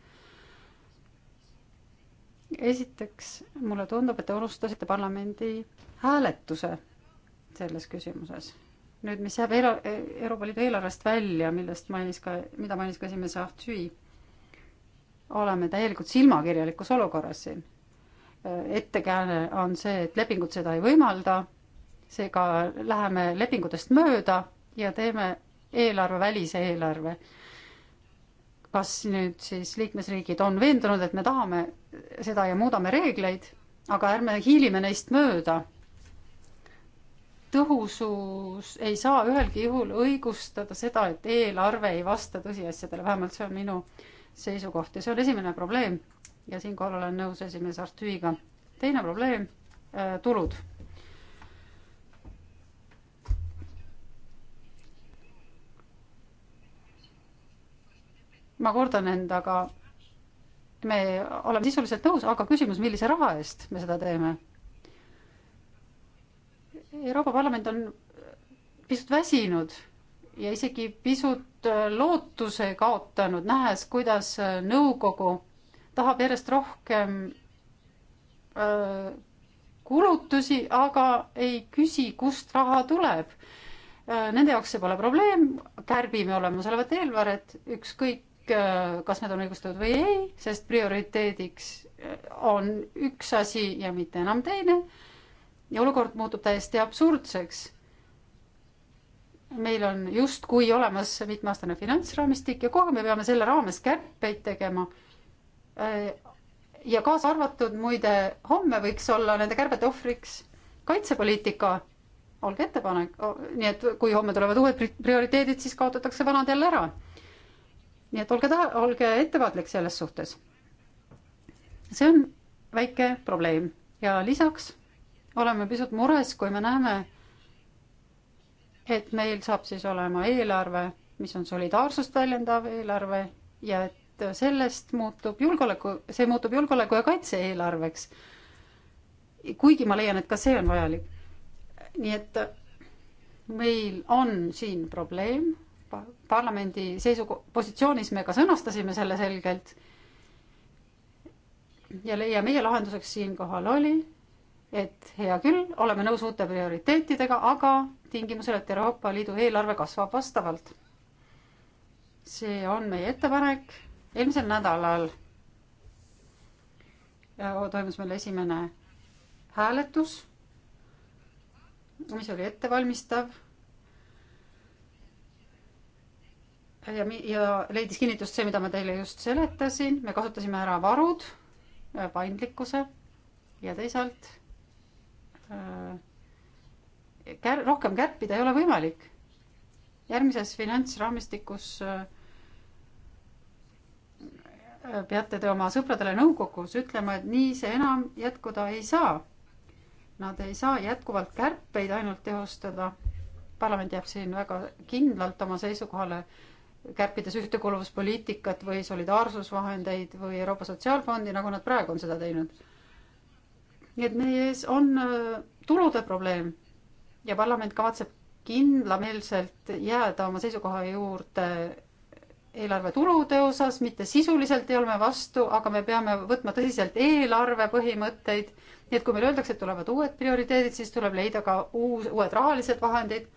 esiteks, mulle tundub, et te unustasite parlamendi hääletuse selles küsimuses. nüüd, mis jääb eela-, Euroopa Liidu eelarvest välja, millest mainis ka, mida mainis ka esimees Ahtüi, oleme täielikult silmakirjalikus olukorras siin. ettekääne on see, et lepingud seda ei võimalda seega läheme lepingutest mööda ja teeme eelarve välise eelarve. kas nüüd siis liikmesriigid on veendunud, et me tahame seda ja muudame reegleid, aga ärme hiilime neist mööda. tõhusus ei saa ühelgi juhul õigustada seda, et eelarve ei vasta tõsiasjadele, vähemalt see on minu seisukoht ja see on esimene probleem. ja siinkohal olen nõus esimees Artüiga. teine probleem, äh, tulud ma kordan endaga, me oleme sisuliselt nõus, aga küsimus, millise raha eest me seda teeme? Euroopa Parlament on pisut väsinud ja isegi pisut äh, lootuse kaotanud, nähes, kuidas äh, nõukogu tahab järjest rohkem öö, äh, kulutusi, aga ei küsi, kust raha tuleb. Nende jaoks see pole probleem, kärbime olemasolevat eelarvet, ükskõik Äh, kas need on õigustatud või ei, sest prioriteediks äh, on üks asi ja mitte enam teine. ja olukord muutub täiesti absurdseks. meil on justkui olemas mitmeaastane finantsraamistik ja kohe me peame selle raames kärpeid tegema. Äh, ja kaasa arvatud muide, homme võiks olla nende kärbete ohvriks kaitsepoliitika olge ettepanek, nii et kui homme tulevad uued prioriteedid, siis kaotatakse vanad jälle ära nii et olge taha, olge ettevaatlik selles suhtes. see on väike probleem ja lisaks oleme pisut mures, kui me näeme, et meil saab siis olema eelarve, mis on solidaarsust väljendav eelarve ja et sellest muutub julgeoleku, see muutub julgeoleku ja kaitse eelarveks. kuigi ma leian, et ka see on vajalik. nii et meil on siin probleem parlamendi seisuko-, positsioonis me ka sõnastasime selle selgelt. ja leia meie lahenduseks siinkohal oli, et hea küll, oleme nõus uute prioriteetidega, aga tingimusel, et Euroopa Liidu eelarve kasvab vastavalt. see on meie ettepanek. eelmisel nädalal äh, toimus meil esimene hääletus, mis oli ettevalmistav ja, ja leidis kinnitust see, mida ma teile just seletasin, me kasutasime ära varud, äh, paindlikkuse ja teisalt äh, kär-, rohkem kärpida ei ole võimalik. järgmises finantsraamistikus äh, peate te oma sõpradele nõukogus ütlema, et nii see enam jätkuda ei saa. Nad ei saa jätkuvalt kärpeid ainult teostada. parlament jääb siin väga kindlalt oma seisukohale kärpides ühtekuuluvuspoliitikat või solidaarsusvahendeid või Euroopa Sotsiaalfondi, nagu nad praegu on seda teinud. nii et meie ees on äh, tulude probleem ja parlament kavatseb kindlameelselt jääda oma seisukoha juurde eelarve tulude osas, mitte sisuliselt ei ole me vastu, aga me peame võtma tõsiselt eelarve põhimõtteid. nii et kui meile öeldakse, et tulevad uued prioriteedid, siis tuleb leida ka uus, uued rahalised vahendid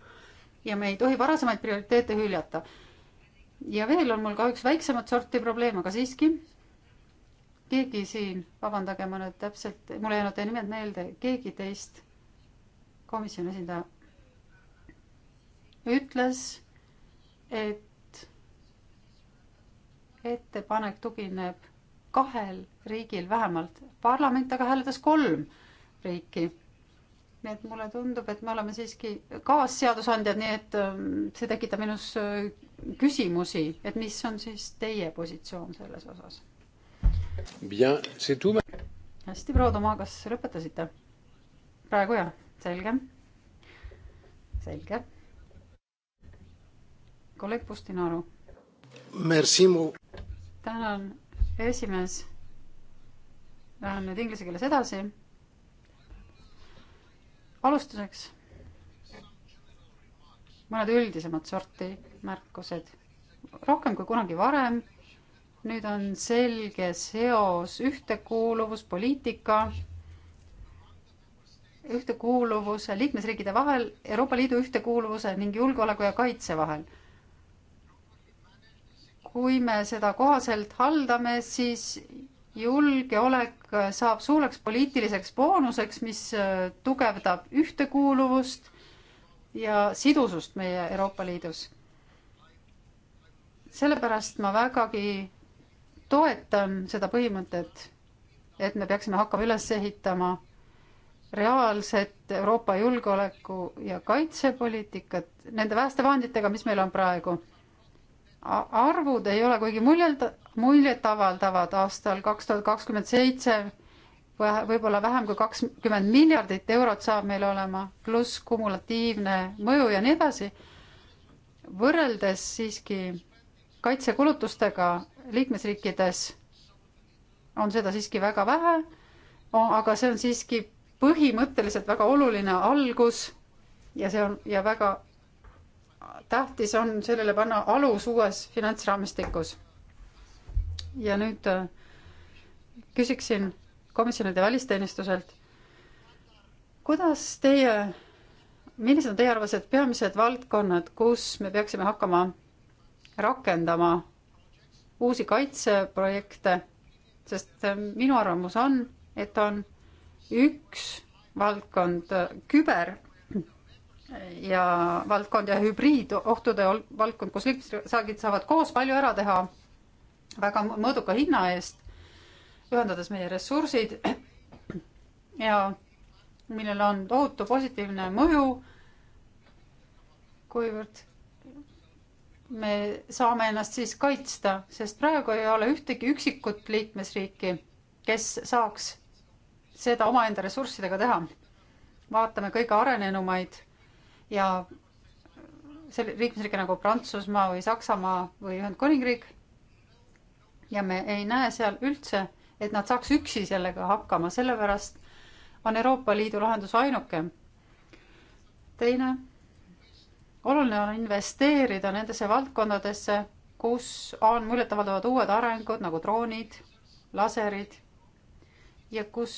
ja me ei tohi varasemaid prioriteete hüljata ja veel on mul ka üks väiksemat sorti probleem, aga siiski. keegi siin, vabandage, ma nüüd täpselt, mul ei jäänud teie nimed meelde, keegi teist komisjoni esindaja ütles, et ettepanek tugineb kahel riigil vähemalt, parlament aga hääldas kolm riiki. nii et mulle tundub, et me oleme siiski kaasseadusandjad, nii et ähm, see tekitab minus äh, küsimusi, et mis on siis teie positsioon selles osas? hästi, proua Toma, kas lõpetasite? praegu jah, selge. selge. kolleeg Pustinaru. tänan, esimees. Lähen nüüd inglise keeles edasi. alustuseks mõned üldisemat sorti märkused. rohkem kui kunagi varem, nüüd on selge seos ühtekuuluvuspoliitika, ühtekuuluvuse liikmesriikide vahel, Euroopa Liidu ühtekuuluvuse ning julgeoleku ja kaitse vahel. kui me seda kohaselt haldame, siis julgeolek saab suureks poliitiliseks boonuseks, mis tugevdab ühtekuuluvust ja sidusust meie Euroopa Liidus. sellepärast ma vägagi toetan seda põhimõtet, et me peaksime hakkama üles ehitama reaalset Euroopa julgeoleku- ja kaitsepoliitikat nende päästevahenditega, mis meil on praegu. arvud ei ole kuigi muljelda, muljetavaldavad aastal kaks tuhat kakskümmend seitse võib-olla vähem kui kakskümmend miljardit eurot saab meil olema, pluss kumulatiivne mõju ja nii edasi. võrreldes siiski kaitsekulutustega liikmesriikides on seda siiski väga vähe, aga see on siiski põhimõtteliselt väga oluline algus ja see on ja väga tähtis on sellele panna alus uues finantsraamistikus. ja nüüd äh, küsiksin komisjonilt ja välisteenistuselt. kuidas teie, millised on teie arvamused, peamised valdkonnad, kus me peaksime hakkama rakendama uusi kaitseprojekte, sest äh, minu arvamus on, et on üks valdkond, äh, küber ja valdkond ja hübriidohtude valdkond, kus liikmesriigid saavad koos palju ära teha väga mõõduka hinna eest ühendades meie ressursid ja millel on tohutu positiivne mõju, kuivõrd me saame ennast siis kaitsta, sest praegu ei ole ühtegi üksikut liikmesriiki, kes saaks seda omaenda ressurssidega teha. vaatame kõige arenenumaid ja selle liikmesriike nagu Prantsusmaa või Saksamaa või Ühendkuningriik. ja me ei näe seal üldse et nad saaks üksi sellega hakkama, sellepärast on Euroopa Liidu lahendus ainuke. teine, oluline on investeerida nendesse valdkondadesse, kus on muljetavaldavad uued arengud nagu droonid, laserid ja kus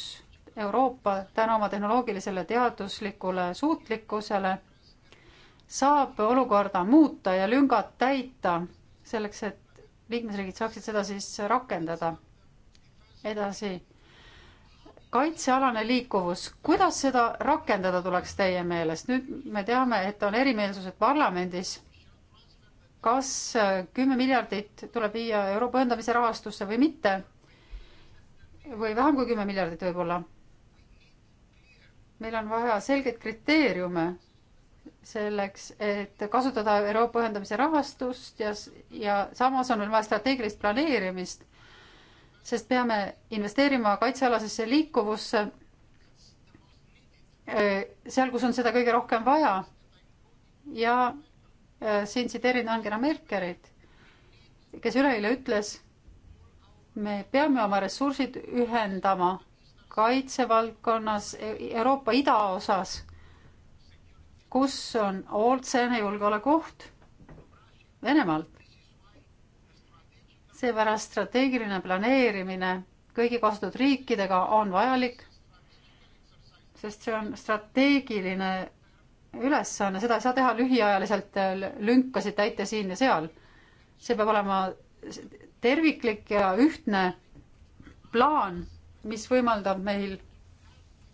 Euroopa tänu oma tehnoloogilisele teaduslikule suutlikkusele saab olukorda muuta ja lüngad täita selleks, et liikmesriigid saaksid seda siis rakendada edasi, kaitsealane liikuvus, kuidas seda rakendada tuleks teie meelest? nüüd me teame, et on erimeelsused parlamendis. kas äh, kümme miljardit tuleb viia Euroopa ühendamise rahastusse või mitte? või vähem kui kümme miljardit võib-olla? meil on vaja selgeid kriteeriume selleks, et kasutada Euroopa ühendamise rahastust ja, ja samas on meil vaja strateegilist planeerimist sest peame investeerima kaitsealasesse liikuvusse eh, seal, kus on seda kõige rohkem vaja. ja eh, siin tsiteerin Angela Merkelit, kes üleeile ütles, me peame oma ressursid ühendama kaitsevaldkonnas e, Euroopa idaosas, kus on hooldsene julgeolekuoht Venemaalt seepärast strateegiline planeerimine kõigi kasutud riikidega on vajalik, sest see on strateegiline ülesanne, seda ei saa teha lühiajaliselt lünkasid täita siin ja seal. see peab olema terviklik ja ühtne plaan, mis võimaldab meil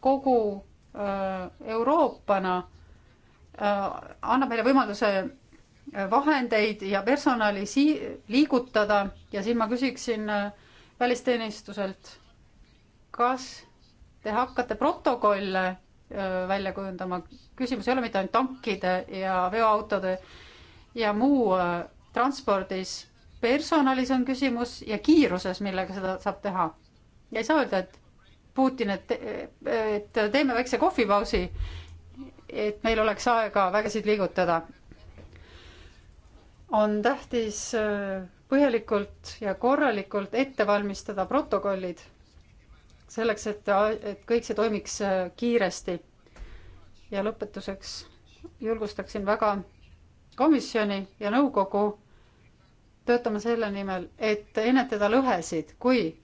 kogu öö, Euroopana, annab meile võimaluse vahendeid ja personali sii-, liigutada ja siin ma küsiksin äh, välisteenistuselt, kas te hakkate protokolle äh, välja kujundama, küsimus ei ole mitte ainult tankide ja veoautode ja muu äh, transpordis, personalis on küsimus ja kiiruses, millega seda saab teha. ei saa öelda, et Putin, et, et teeme väikse kohvipausi, et meil oleks aega vägesid liigutada on tähtis äh, põhjalikult ja korralikult ette valmistada protokollid selleks, et, et kõik see toimiks äh, kiiresti. ja lõpetuseks julgustaksin väga komisjoni ja nõukogu töötama selle nimel, et ennetada lõhesid, kui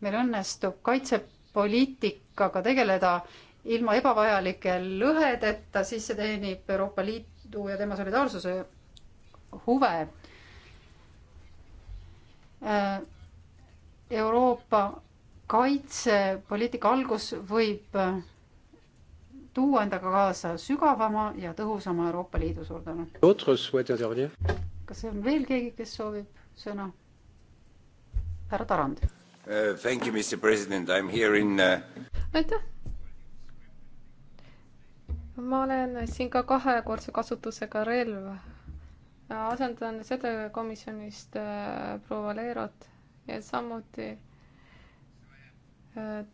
meil õnnestub kaitsepoliitikaga tegeleda ilma ebavajalike lõhedeta, siis see teenib Euroopa Liidu ja tema solidaarsuse huve. Äh, Euroopa kaitsepoliitika algus võib äh, tuua endaga kaasa sügavama ja tõhusama Euroopa Liidu. suur tänu. kas on veel keegi, kes soovib sõna? härra Tarand uh,. Thank you, Mr President, I am here in uh.... aitäh. ma olen siin ka kahekordse kasutusega relv asendan seda komisjonist äh, proua Leerot ja samuti äh,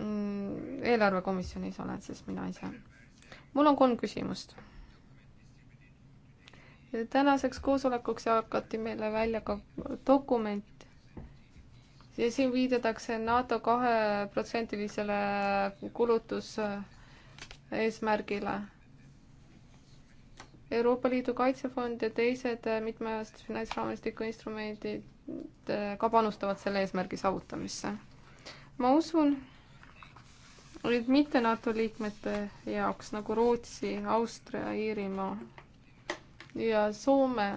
mm, eelarvekomisjonis olen siis mina ise. mul on kolm küsimust. tänaseks koosolekuks hakati meile välja ka dokument ja siin viidatakse NATO kaheprotsendilisele kulutus eesmärgile Euroopa Liidu Kaitsefond ja teised äh, mitmeaastased finantsraamistiku instrumendid äh, ka panustavad selle eesmärgi saavutamisse. ma usun, et mitte NATO liikmete jaoks nagu Rootsi, Austria, Iirimaa ja Soome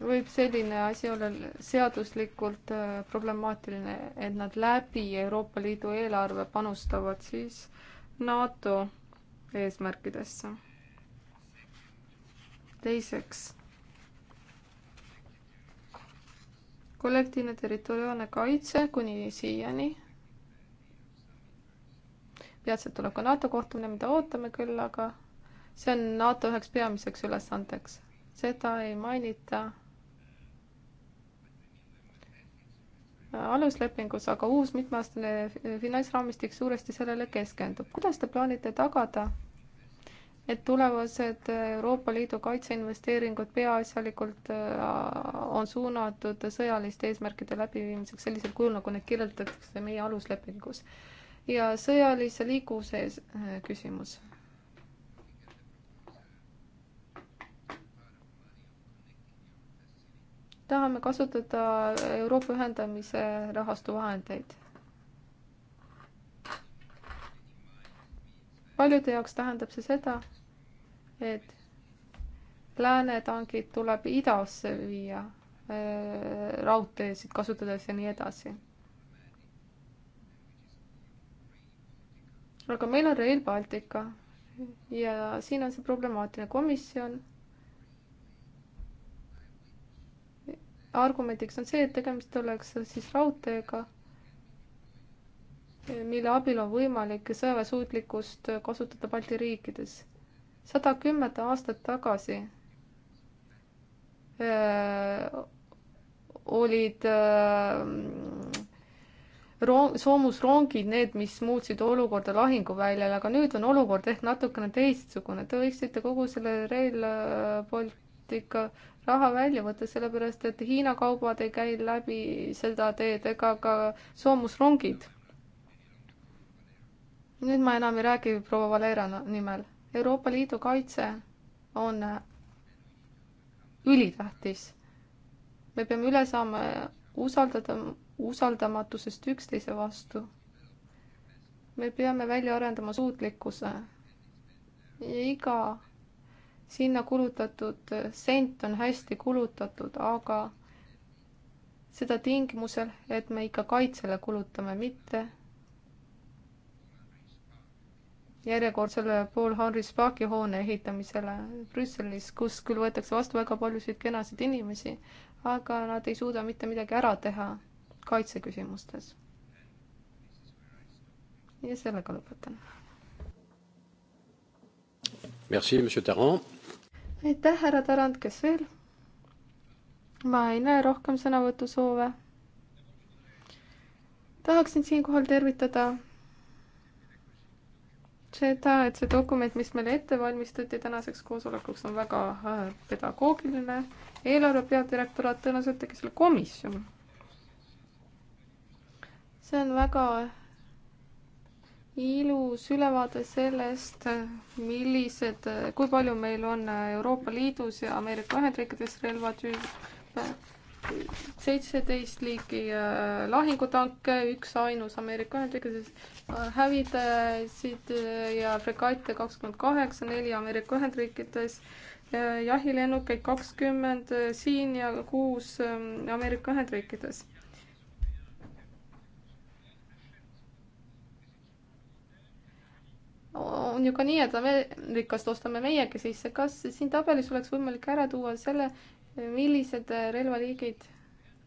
võib selline asi olla seaduslikult äh, problemaatiline, et nad läbi Euroopa Liidu eelarve panustavad siis NATO eesmärkidesse teiseks, kollektiivne territoriaalne kaitse kuni siiani. peatselt tuleb ka NATO kohtumine, mida ootame küll, aga see on NATO üheks peamiseks ülesandeks. seda ei mainita aluslepingus, aga uus mitmeaastane finantsraamistik suuresti sellele keskendub. kuidas te plaanite tagada et tulevased Euroopa Liidu kaitseinvesteeringud peaasjalikult äh, on suunatud sõjaliste eesmärkide läbiviimiseks sellisel kujul, nagu need kirjeldatakse meie aluslepingus. ja sõjalise liikuvuse äh, küsimus. tahame kasutada Euroopa ühendamise rahastu vahendeid paljude jaoks tähendab see seda, et lääne tankid tuleb idasse viia, äh, raudteesid kasutades ja nii edasi. aga meil on Rail Baltica ja siin on see problemaatiline komisjon. argumendiks on see, et tegemist oleks siis raudteega mille abil on võimalik sõjaväesuutlikkust kasutada Balti riikides. sada kümmet aastat tagasi öö, äh, olid öö, äh, soomusrongid need, mis muutsid olukorda lahinguväljal, aga nüüd on olukord ehk natukene teistsugune. Te võiksite kogu selle Rail äh, Baltica raha välja võtta, sellepärast et Hiina kaubad ei käi läbi seda teed ega ka soomusrongid nüüd ma enam ei räägi proua Valera nimel. Euroopa Liidu kaitse on ülitähtis. me peame üle saama usaldada, usaldamatusest üksteise vastu. me peame välja arendama suutlikkuse. ja iga sinna kulutatud sent on hästi kulutatud, aga seda tingimusel, et me ikka kaitsele kulutame, mitte järjekordsele Paul Henri Spaki hoone ehitamisele Brüsselis, kus küll võetakse vastu väga paljusid kenasid inimesi, aga nad ei suuda mitte midagi ära teha kaitseküsimustes. ja sellega lõpetan. Merci, monsieur Tarand. aitäh, härra Tarand, kes veel? ma ei näe rohkem sõnavõtusoove. tahaksin siinkohal tervitada seda, et see dokument, mis meile ette valmistati tänaseks koosolekuks, on väga äh, pedagoogiline. eelarve peadirektoraat tõenäoliselt tegi selle komisjon. see on väga ilus ülevaade sellest, millised, kui palju meil on Euroopa Liidus ja Ameerika Ühendriikides relvatüüpe seitseteist liiki äh, lahingutanke, üksainus Ameerika Ühendriikides, äh, hävitajaid äh, ja fregatte kakskümmend kaheksa, neli Ameerika Ühendriikides, jahilennukeid kakskümmend siin ja kuus ähm, Ameerika Ühendriikides on ju ka nii, et Ameerikast ostame meiegi sisse, kas siin tabelis oleks võimalik ära tuua selle, millised äh, relvaliigid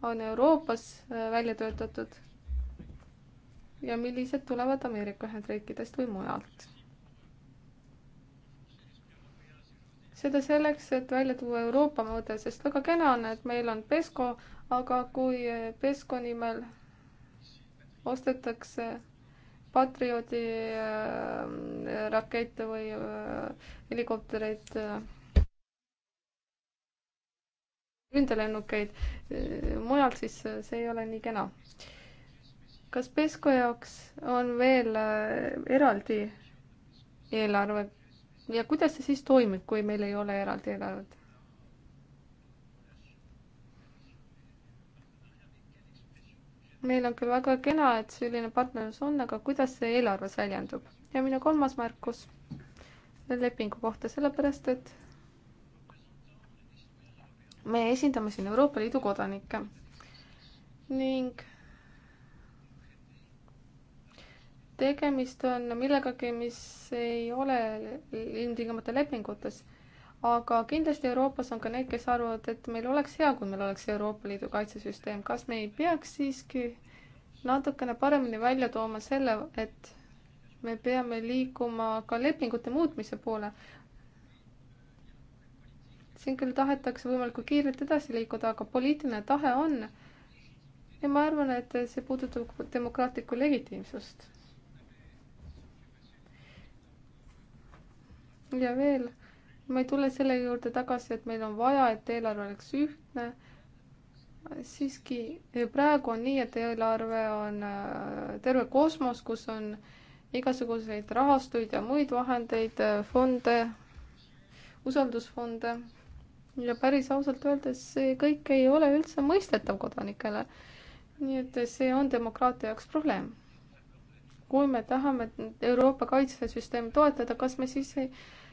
on Euroopas äh, välja töötatud ja millised tulevad Ameerika Ühendriikidest või mujalt. seda selleks, et välja tuua Euroopa mõõde, sest väga kena on, et meil on Pesco, aga kui äh, Pesco nimel ostetakse Patrioti rakette või helikoptereid äh, ründelennukeid eh, mujalt, siis eh, see ei ole nii kena. kas Pesco jaoks on veel eh, eraldi eelarve ja kuidas see siis toimib, kui meil ei ole eraldi eelarvet? meil on küll väga kena, et selline partnerlus on, aga kuidas see eelarves väljendub? ja minu kolmas märkus lepingu kohta, sellepärast et me esindame siin Euroopa Liidu kodanikke ning tegemist on millegagi, mis ei ole ilmtingimata lepingutes, aga kindlasti Euroopas on ka neid, kes arvavad, et meil oleks hea, kui meil oleks Euroopa Liidu kaitsesüsteem, kas me ei peaks siiski natukene paremini välja tooma selle, et me peame liikuma ka lepingute muutmise poole siin küll tahetakse võimalikult kiirelt edasi liikuda, aga poliitiline tahe on. ja ma arvan, et see puudutab demokraatlikku legitiimsust. ja veel, ma ei tule selle juurde tagasi, et meil on vaja, et eelarve oleks ühtne. siiski praegu on nii, et eelarve on äh, terve kosmos, kus on igasuguseid rahastuid ja muid vahendeid, äh, fonde, usaldusfonde ja päris ausalt öeldes see kõik ei ole üldse mõistetav kodanikele. nii et see on demokraatia jaoks probleem. kui me tahame Euroopa kaitsesüsteemi toetada, kas me siis ei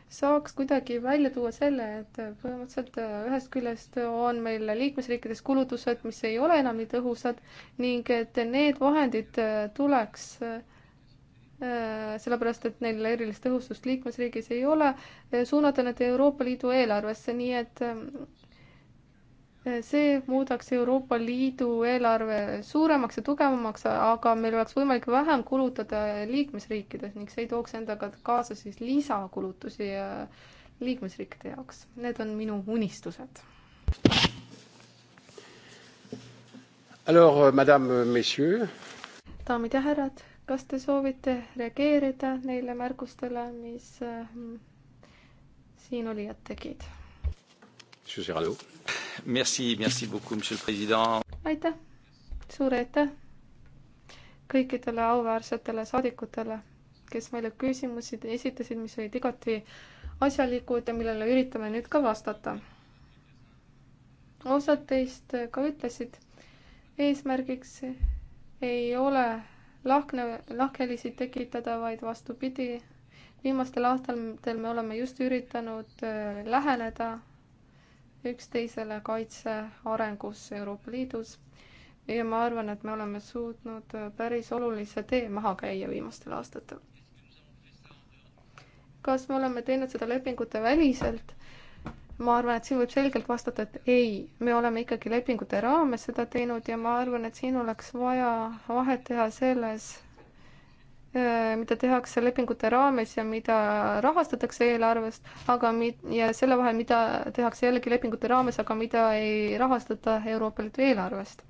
saaks kuidagi välja tuua selle, et põhimõtteliselt ühest küljest on meil liikmesriikides kulutused, mis ei ole enam nii tõhusad ning et need vahendid tuleks äh, Äh, sellepärast et neil erilist tõhustust liikmesriigis ei ole, äh, suunata need Euroopa Liidu eelarvesse, nii et äh, see muudaks Euroopa Liidu eelarve suuremaks ja tugevamaks, aga meil oleks võimalik vähem kulutada liikmesriikides ning see ei tooks endaga kaasa siis lisakulutusi liikmesriikide jaoks. Need on minu unistused. Alors, euh, madame, euh, messieurs. daamid ja härrad kas te soovite reageerida neile märkustele, mis äh, siinolijad tegid? aitäh, suur aitäh kõikidele auväärsetele saadikutele, kes meile küsimusi esitasid, mis olid igati asjalikud ja millele üritame nüüd ka vastata. osad teist ka ütlesid, eesmärgiks ei ole lahkne, lahkhelisid tekitada, vaid vastupidi. viimastel aastatel me oleme just üritanud äh, läheneda üksteisele kaitse arengus Euroopa Liidus ja ma arvan, et me oleme suutnud äh, päris olulise tee maha käia viimastel aastatel. kas me oleme teinud seda lepingute väliselt? ma arvan, et siin võib selgelt vastata, et ei, me oleme ikkagi lepingute raames seda teinud ja ma arvan, et siin oleks vaja vahet teha selles, mida tehakse lepingute raames ja mida rahastatakse eelarvest, aga mi-, ja selle vahel, mida tehakse jällegi lepingute raames, aga mida ei rahastata Euroopa Liidu eelarvest.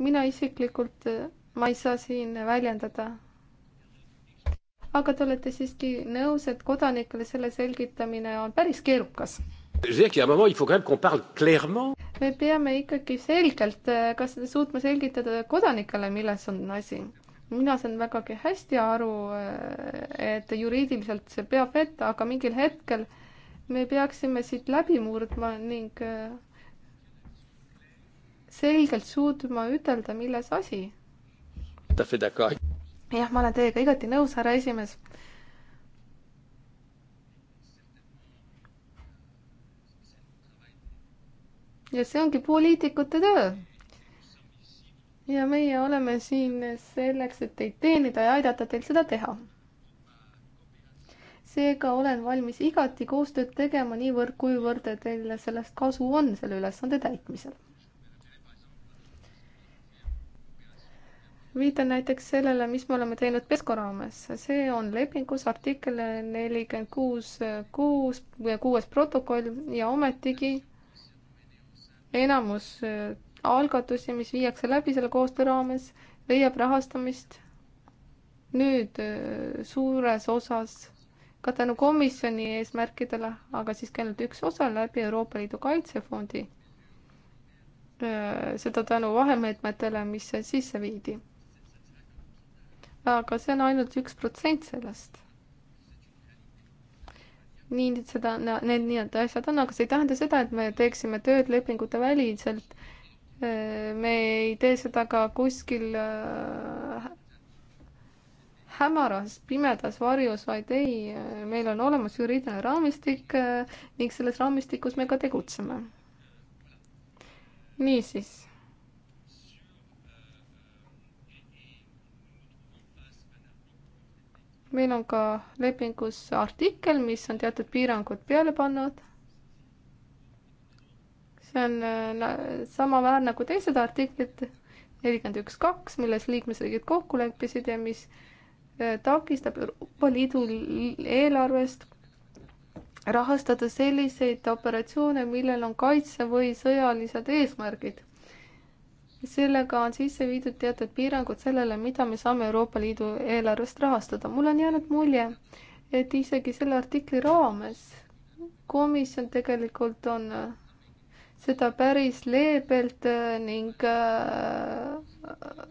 mina isiklikult, ma ei saa siin väljendada aga te olete siiski nõus, et kodanikele selle selgitamine on päris keerukas. me peame ikkagi selgelt, eh, kas suutma selgitada kodanikele, milles on asi mina saan vägagi hästi aru, eh, et juriidiliselt see peab vette, aga mingil hetkel me peaksime siit läbi murdma ning eh, selgelt suutma ütelda, milles asi jah, ma olen teiega igati nõus, härra esimees. ja see ongi poliitikute töö. ja meie oleme siin selleks, et teid teenida ja aidata teil seda teha. seega olen valmis igati koostööd tegema niivõrd, kuivõrd teil sellest kasu on selle ülesande täitmisel viitan näiteks sellele, mis me oleme teinud PESCO raames, see on lepingus artikkel nelikümmend kuus, kuus, kuues protokoll ja ometigi enamus äh, algatusi, mis viiakse läbi selle koostöö raames, leiab rahastamist nüüd äh, suures osas ka tänu komisjoni eesmärkidele, aga siiski ainult üks osa läbi Euroopa Liidu Kaitsefondi. Äh, seda tänu vahemeetmetele, mis sisse viidi aga see on ainult üks protsent sellest. nii nüüd seda, need nii-öelda asjad on, aga see ei tähenda seda, et me teeksime tööd lepingute väliselt. Äh, me ei tee seda ka kuskil äh, hämaras, pimedas varjus, vaid ei, äh, meil on olemas juriidiline raamistik ning selles raamistikus me ka tegutseme. niisiis meil on ka lepingus artikkel, mis on teatud piirangud peale pannud see on äh, samaväärne kui nagu teised artiklid nelikümmend üks kaks, milles liikmesriigid kokku leppisid ja mis äh, takistab Euroopa Liidu eelarvest rahastada selliseid operatsioone, millel on kaitse- või sõjalised eesmärgid sellega on sisse viidud teatud piirangud sellele, mida me saame Euroopa Liidu eelarvest rahastada. mul on jäänud mulje, et isegi selle artikli raames komisjon tegelikult on äh, seda päris leebelt äh, ning äh,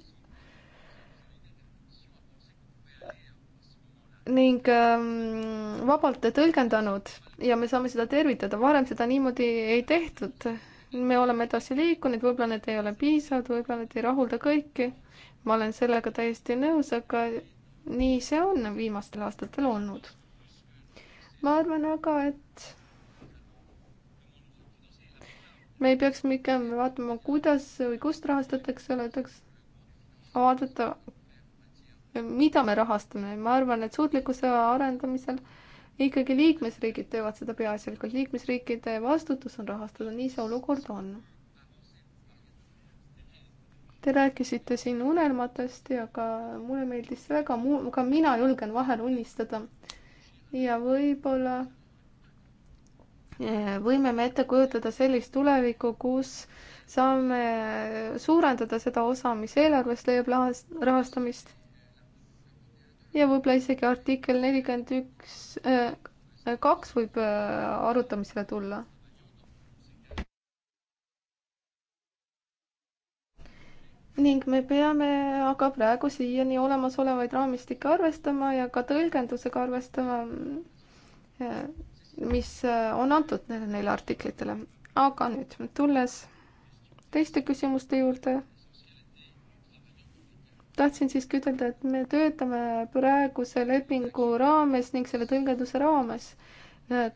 ning ähm, vabalt tõlgendanud ja me saame seda tervitada, varem seda niimoodi ei tehtud me oleme edasi liikunud, võib-olla need ei ole piisavad, võib-olla need ei rahulda kõiki. ma olen sellega täiesti nõus, aga nii see on viimastel aastatel olnud. ma arvan aga, et me ei peaks pigem vaatama, kuidas või kust rahastatakse, oleks vaadata, mida me rahastame. ma arvan, et suutlikkuse arendamisel äh, ikkagi liikmesriigid teevad seda peaasjalikult, liikmesriikide vastutus on rahastada, nii see olukord on. Te rääkisite siin unelmatest ja ka mulle meeldis see väga, ka mina julgen vahel unistada. ja võib-olla eh, võime me ette kujutada sellist tulevikku, kus saame suurendada seda osa, mis eelarvest leiab rahastamist ja võib-olla isegi artikkel nelikümmend üks, äh, kaks võib äh, arutamisele tulla. ning me peame aga praegu siiani olemasolevaid raamistikke arvestama ja ka tõlgendusega arvestama, äh, mis on antud neile neile artiklitele. aga nüüd tulles teiste küsimuste juurde tahtsin siiski ütelda, et me töötame praeguse lepingu raames ning selle tõlgenduse raames.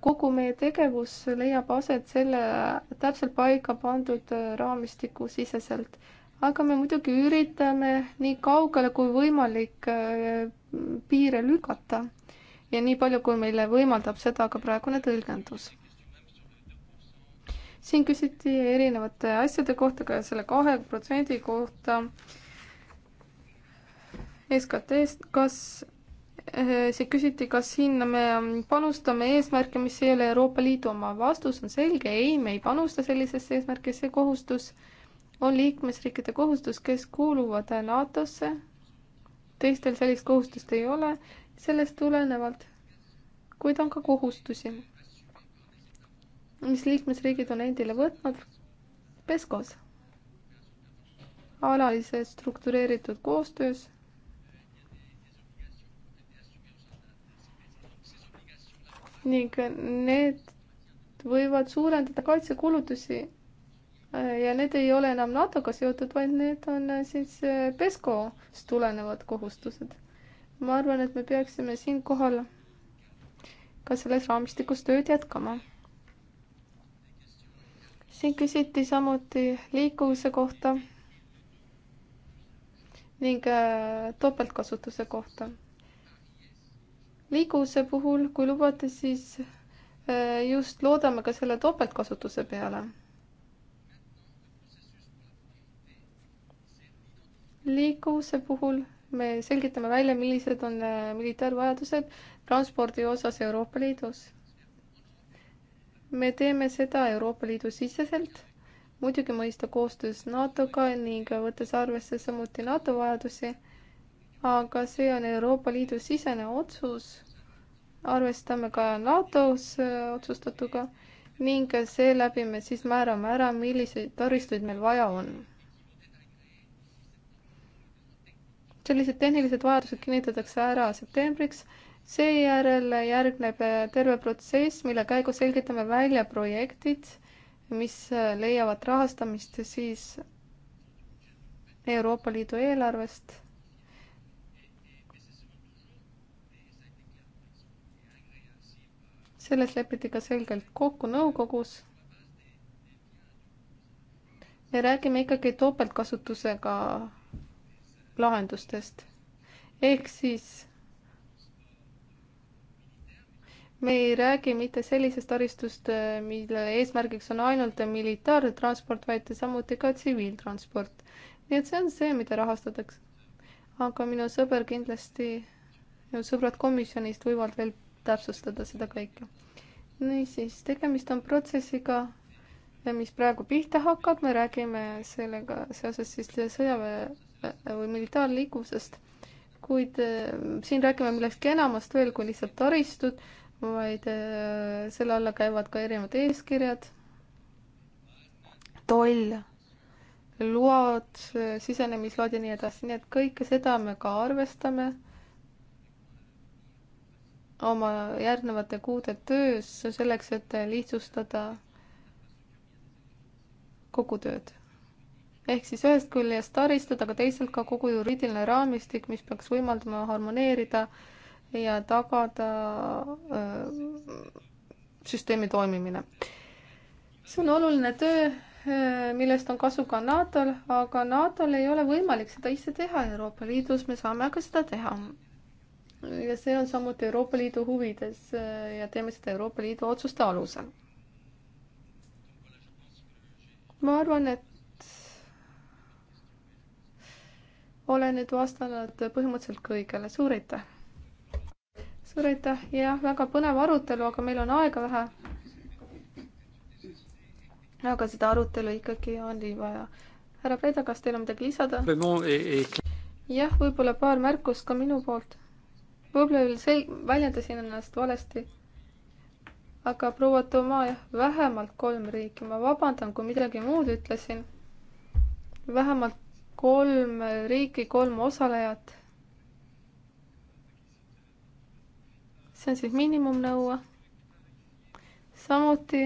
kogu meie tegevus leiab aset selle täpselt paika pandud raamistiku siseselt. aga me muidugi üritame nii kaugele kui võimalik äh, piire lükata ja nii palju, kui meile võimaldab seda ka praegune tõlgendus. siin küsiti erinevate asjade kohta, ka selle kahe protsendi kohta SKT-st, kas eh, see küsiti, kas sinna me panustame eesmärke, mis ei ole Euroopa Liidu oma. vastus on selge, ei, me ei panusta sellisesse eesmärki, see kohustus on liikmesriikide kohustus, kes kuuluvad NATO-sse. teistel sellist kohustust ei ole, sellest tulenevalt, kuid on ka kohustusi, mis liikmesriigid on endile võtnud PESCO-s, alalises struktureeritud koostöös ning need võivad suurendada kaitsekulutusi. ja need ei ole enam NATO-ga seotud, vaid need on äh, siis äh, PESCO-st tulenevad kohustused. ma arvan, et me peaksime siinkohal ka selles raamistikus tööd jätkama. siin küsiti samuti liikuvuse kohta ning äh, topeltkasutuse kohta liikluse puhul, kui lubate, siis äh, just loodame ka selle topeltkasutuse peale. liikluse puhul me selgitame välja, millised on äh, militaarvajadused transpordi osas Euroopa Liidus. me teeme seda Euroopa Liidu siseselt, muidugi mõista koostöös NATO-ga ning võttes arvesse samuti NATO vajadusi aga see on Euroopa Liidu sisene otsus. arvestame ka NATO-s äh, otsustatuga ning seeläbi me siis määrame ära, milliseid taristuid meil vaja on. sellised tehnilised vajadused kinnitatakse ära septembriks, seejärel järgneb äh, terve protsess, mille käigus selgitame välja projektid, mis äh, leiavad rahastamist siis Euroopa Liidu eelarvest selles lepiti ka selgelt kokku nõukogus. me räägime ikkagi topeltkasutusega lahendustest. ehk siis me ei räägi mitte sellisest taristust, mille eesmärgiks on ainult militaartransport, vaid samuti ka tsiviiltransport. nii et see on see, mida rahastatakse. aga minu sõber kindlasti, minu sõbrad komisjonist võivad veel täpsustada seda kõike. niisiis, tegemist on protsessiga, mis praegu pihta hakkab, me räägime sellega seoses siis sõjaväe äh, või militaarliiklusest, kuid äh, siin räägime millestki enamast veel kui lihtsalt taristud, vaid äh, selle alla käivad ka erinevad eeskirjad, toll, load, sisenemisload ja nii edasi, nii et kõike seda me ka arvestame oma järgnevate kuude töös selleks, et lihtsustada kogu tööd. ehk siis ühest küljest taristud, aga teisalt ka kogu juriidiline raamistik, mis peaks võimaldama harmoneerida ja tagada öö, äh, süsteemi toimimine. see on oluline töö, äh, millest on kasu ka NATO-l, aga NATO-l ei ole võimalik seda ise teha Euroopa Liidus, me saame aga seda teha ja see on samuti Euroopa Liidu huvides äh, ja teeme seda Euroopa Liidu otsuste alusel. ma arvan, et olen nüüd vastanud põhimõtteliselt kõigele, suur aitäh! suur aitäh, jah, väga põnev arutelu, aga meil on aega vähe. aga seda arutelu ikkagi on nii vaja. härra Preda, kas teil on midagi lisada? jah, võib-olla paar märkust ka minu poolt võib-olla veel sel-, väljendasin ennast valesti. aga proua Toma, jah, vähemalt kolm riiki, ma vabandan, kui midagi muud ütlesin. vähemalt kolm riiki, kolm osalejat. see on siis miinimumnõue. samuti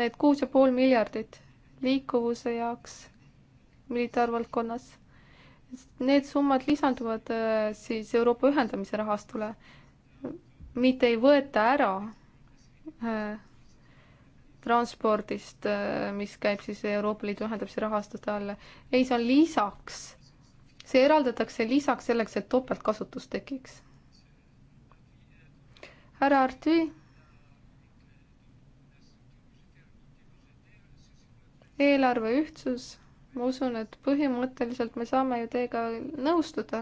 need kuus ja pool miljardit liikuvuse jaoks militaarvaldkonnas need summad lisanduvad äh, siis Euroopa ühendamise rahastule, mitte ei võeta ära äh, transpordist, äh, mis käib siis Euroopa Liidu ühendamise rahastuse alla. ei, see on lisaks, see eraldatakse lisaks selleks, et topeltkasutus tekiks. härra Artvi eelarve ühtsus ma usun, et põhimõtteliselt me saame ju teiega nõustuda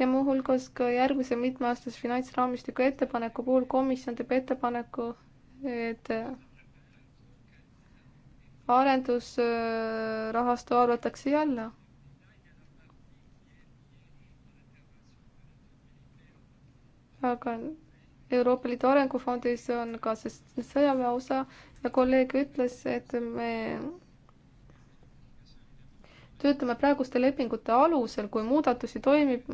ja muuhulgas ka järgmise mitmeaastase finantsraamistiku ettepaneku puhul komisjon teeb ettepaneku, et arendusrahastu arvatakse jälle. aga Euroopa Liidu Arengufondis on ka see sõjaväe osa ja kolleeg ütles, et me töötame praeguste lepingute alusel, kui muudatusi toimib,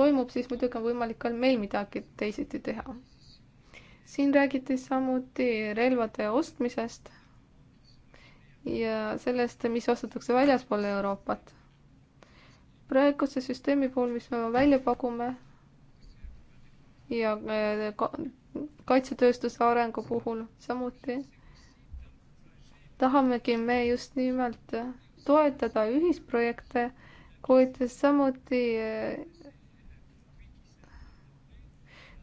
toimub, siis muidugi on võimalik ka meil midagi teisiti teha. siin räägiti samuti relvade ostmisest ja sellest, mis ostetakse väljaspool Euroopat. praeguse süsteemi puhul, mis me välja pakume ja äh, kaitsetööstuse arengu puhul samuti, tahamegi me just nimelt toetada ühisprojekte, kuid samuti eh,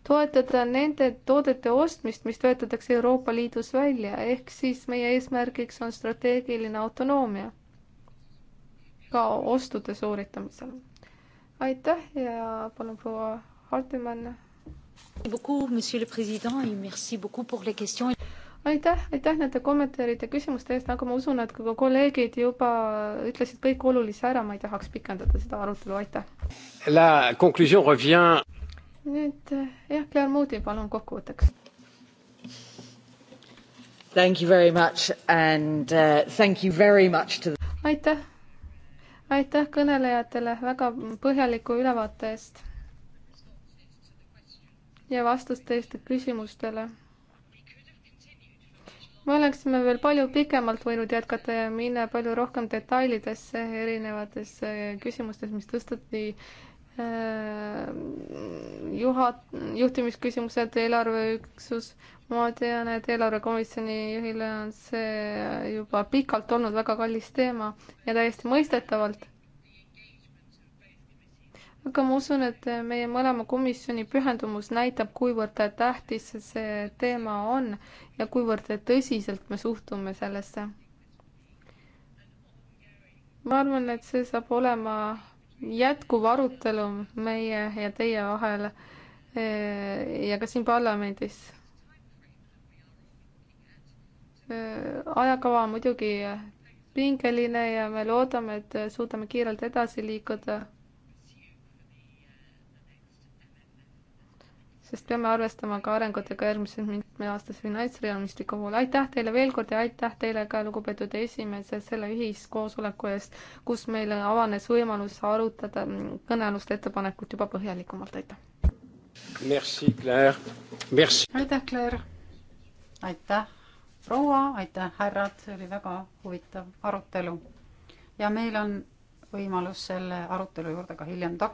toetada nende toodete ostmist, mis töötatakse Euroopa Liidus välja, ehk siis meie eesmärgiks on strateegiline autonoomia ka ostude sooritamisel. aitäh ja palun proua Hardimann aitäh, aitäh nende kommentaaride ja küsimuste eest, nagu ma usun, et ka kolleegid juba ütlesid kõik olulise ära, ma ei tahaks pikendada seda arutelu, aitäh. La conclusion revient. nüüd jah, Claire Moody, palun kokkuvõtteks. Thank you very much and uh, thank you very much to the... aitäh, aitäh kõnelejatele väga põhjaliku ülevaate eest ja vastuste eest küsimustele me oleksime veel palju pikemalt võinud jätkata ja minna palju rohkem detailidesse erinevates äh, küsimustes, mis tõsteti äh, juhat-, juhtimisküsimused, eelarveüksus, ma tean, et eelarvekomisjoni juhile on see juba pikalt olnud väga kallis teema ja täiesti mõistetavalt aga ma usun, et meie mõlema komisjoni pühendumus näitab, kuivõrd tähtis see teema on ja kuivõrd tõsiselt me suhtume sellesse. ma arvan, et see saab olema jätkuv arutelu meie ja teie vahel eh, ja ka siin parlamendis. Eh, ajakava on muidugi pingeline ja me loodame, et suudame kiirelt edasi liikuda sest peame arvestama ka arengutega järgmise mitmeaastase finantsrealistiku puhul. aitäh teile veel kord ja aitäh teile ka, lugupeetud esimees, selle ühiskoosoleku eest, kus meil avanes võimalus arutada kõnealust ettepanekut juba põhjalikumalt, aitäh! Merci, Claire! aitäh, Claire! aitäh, proua, aitäh, härrad, see oli väga huvitav arutelu. ja meil on võimalus selle arutelu juurde ka hiljem tagasi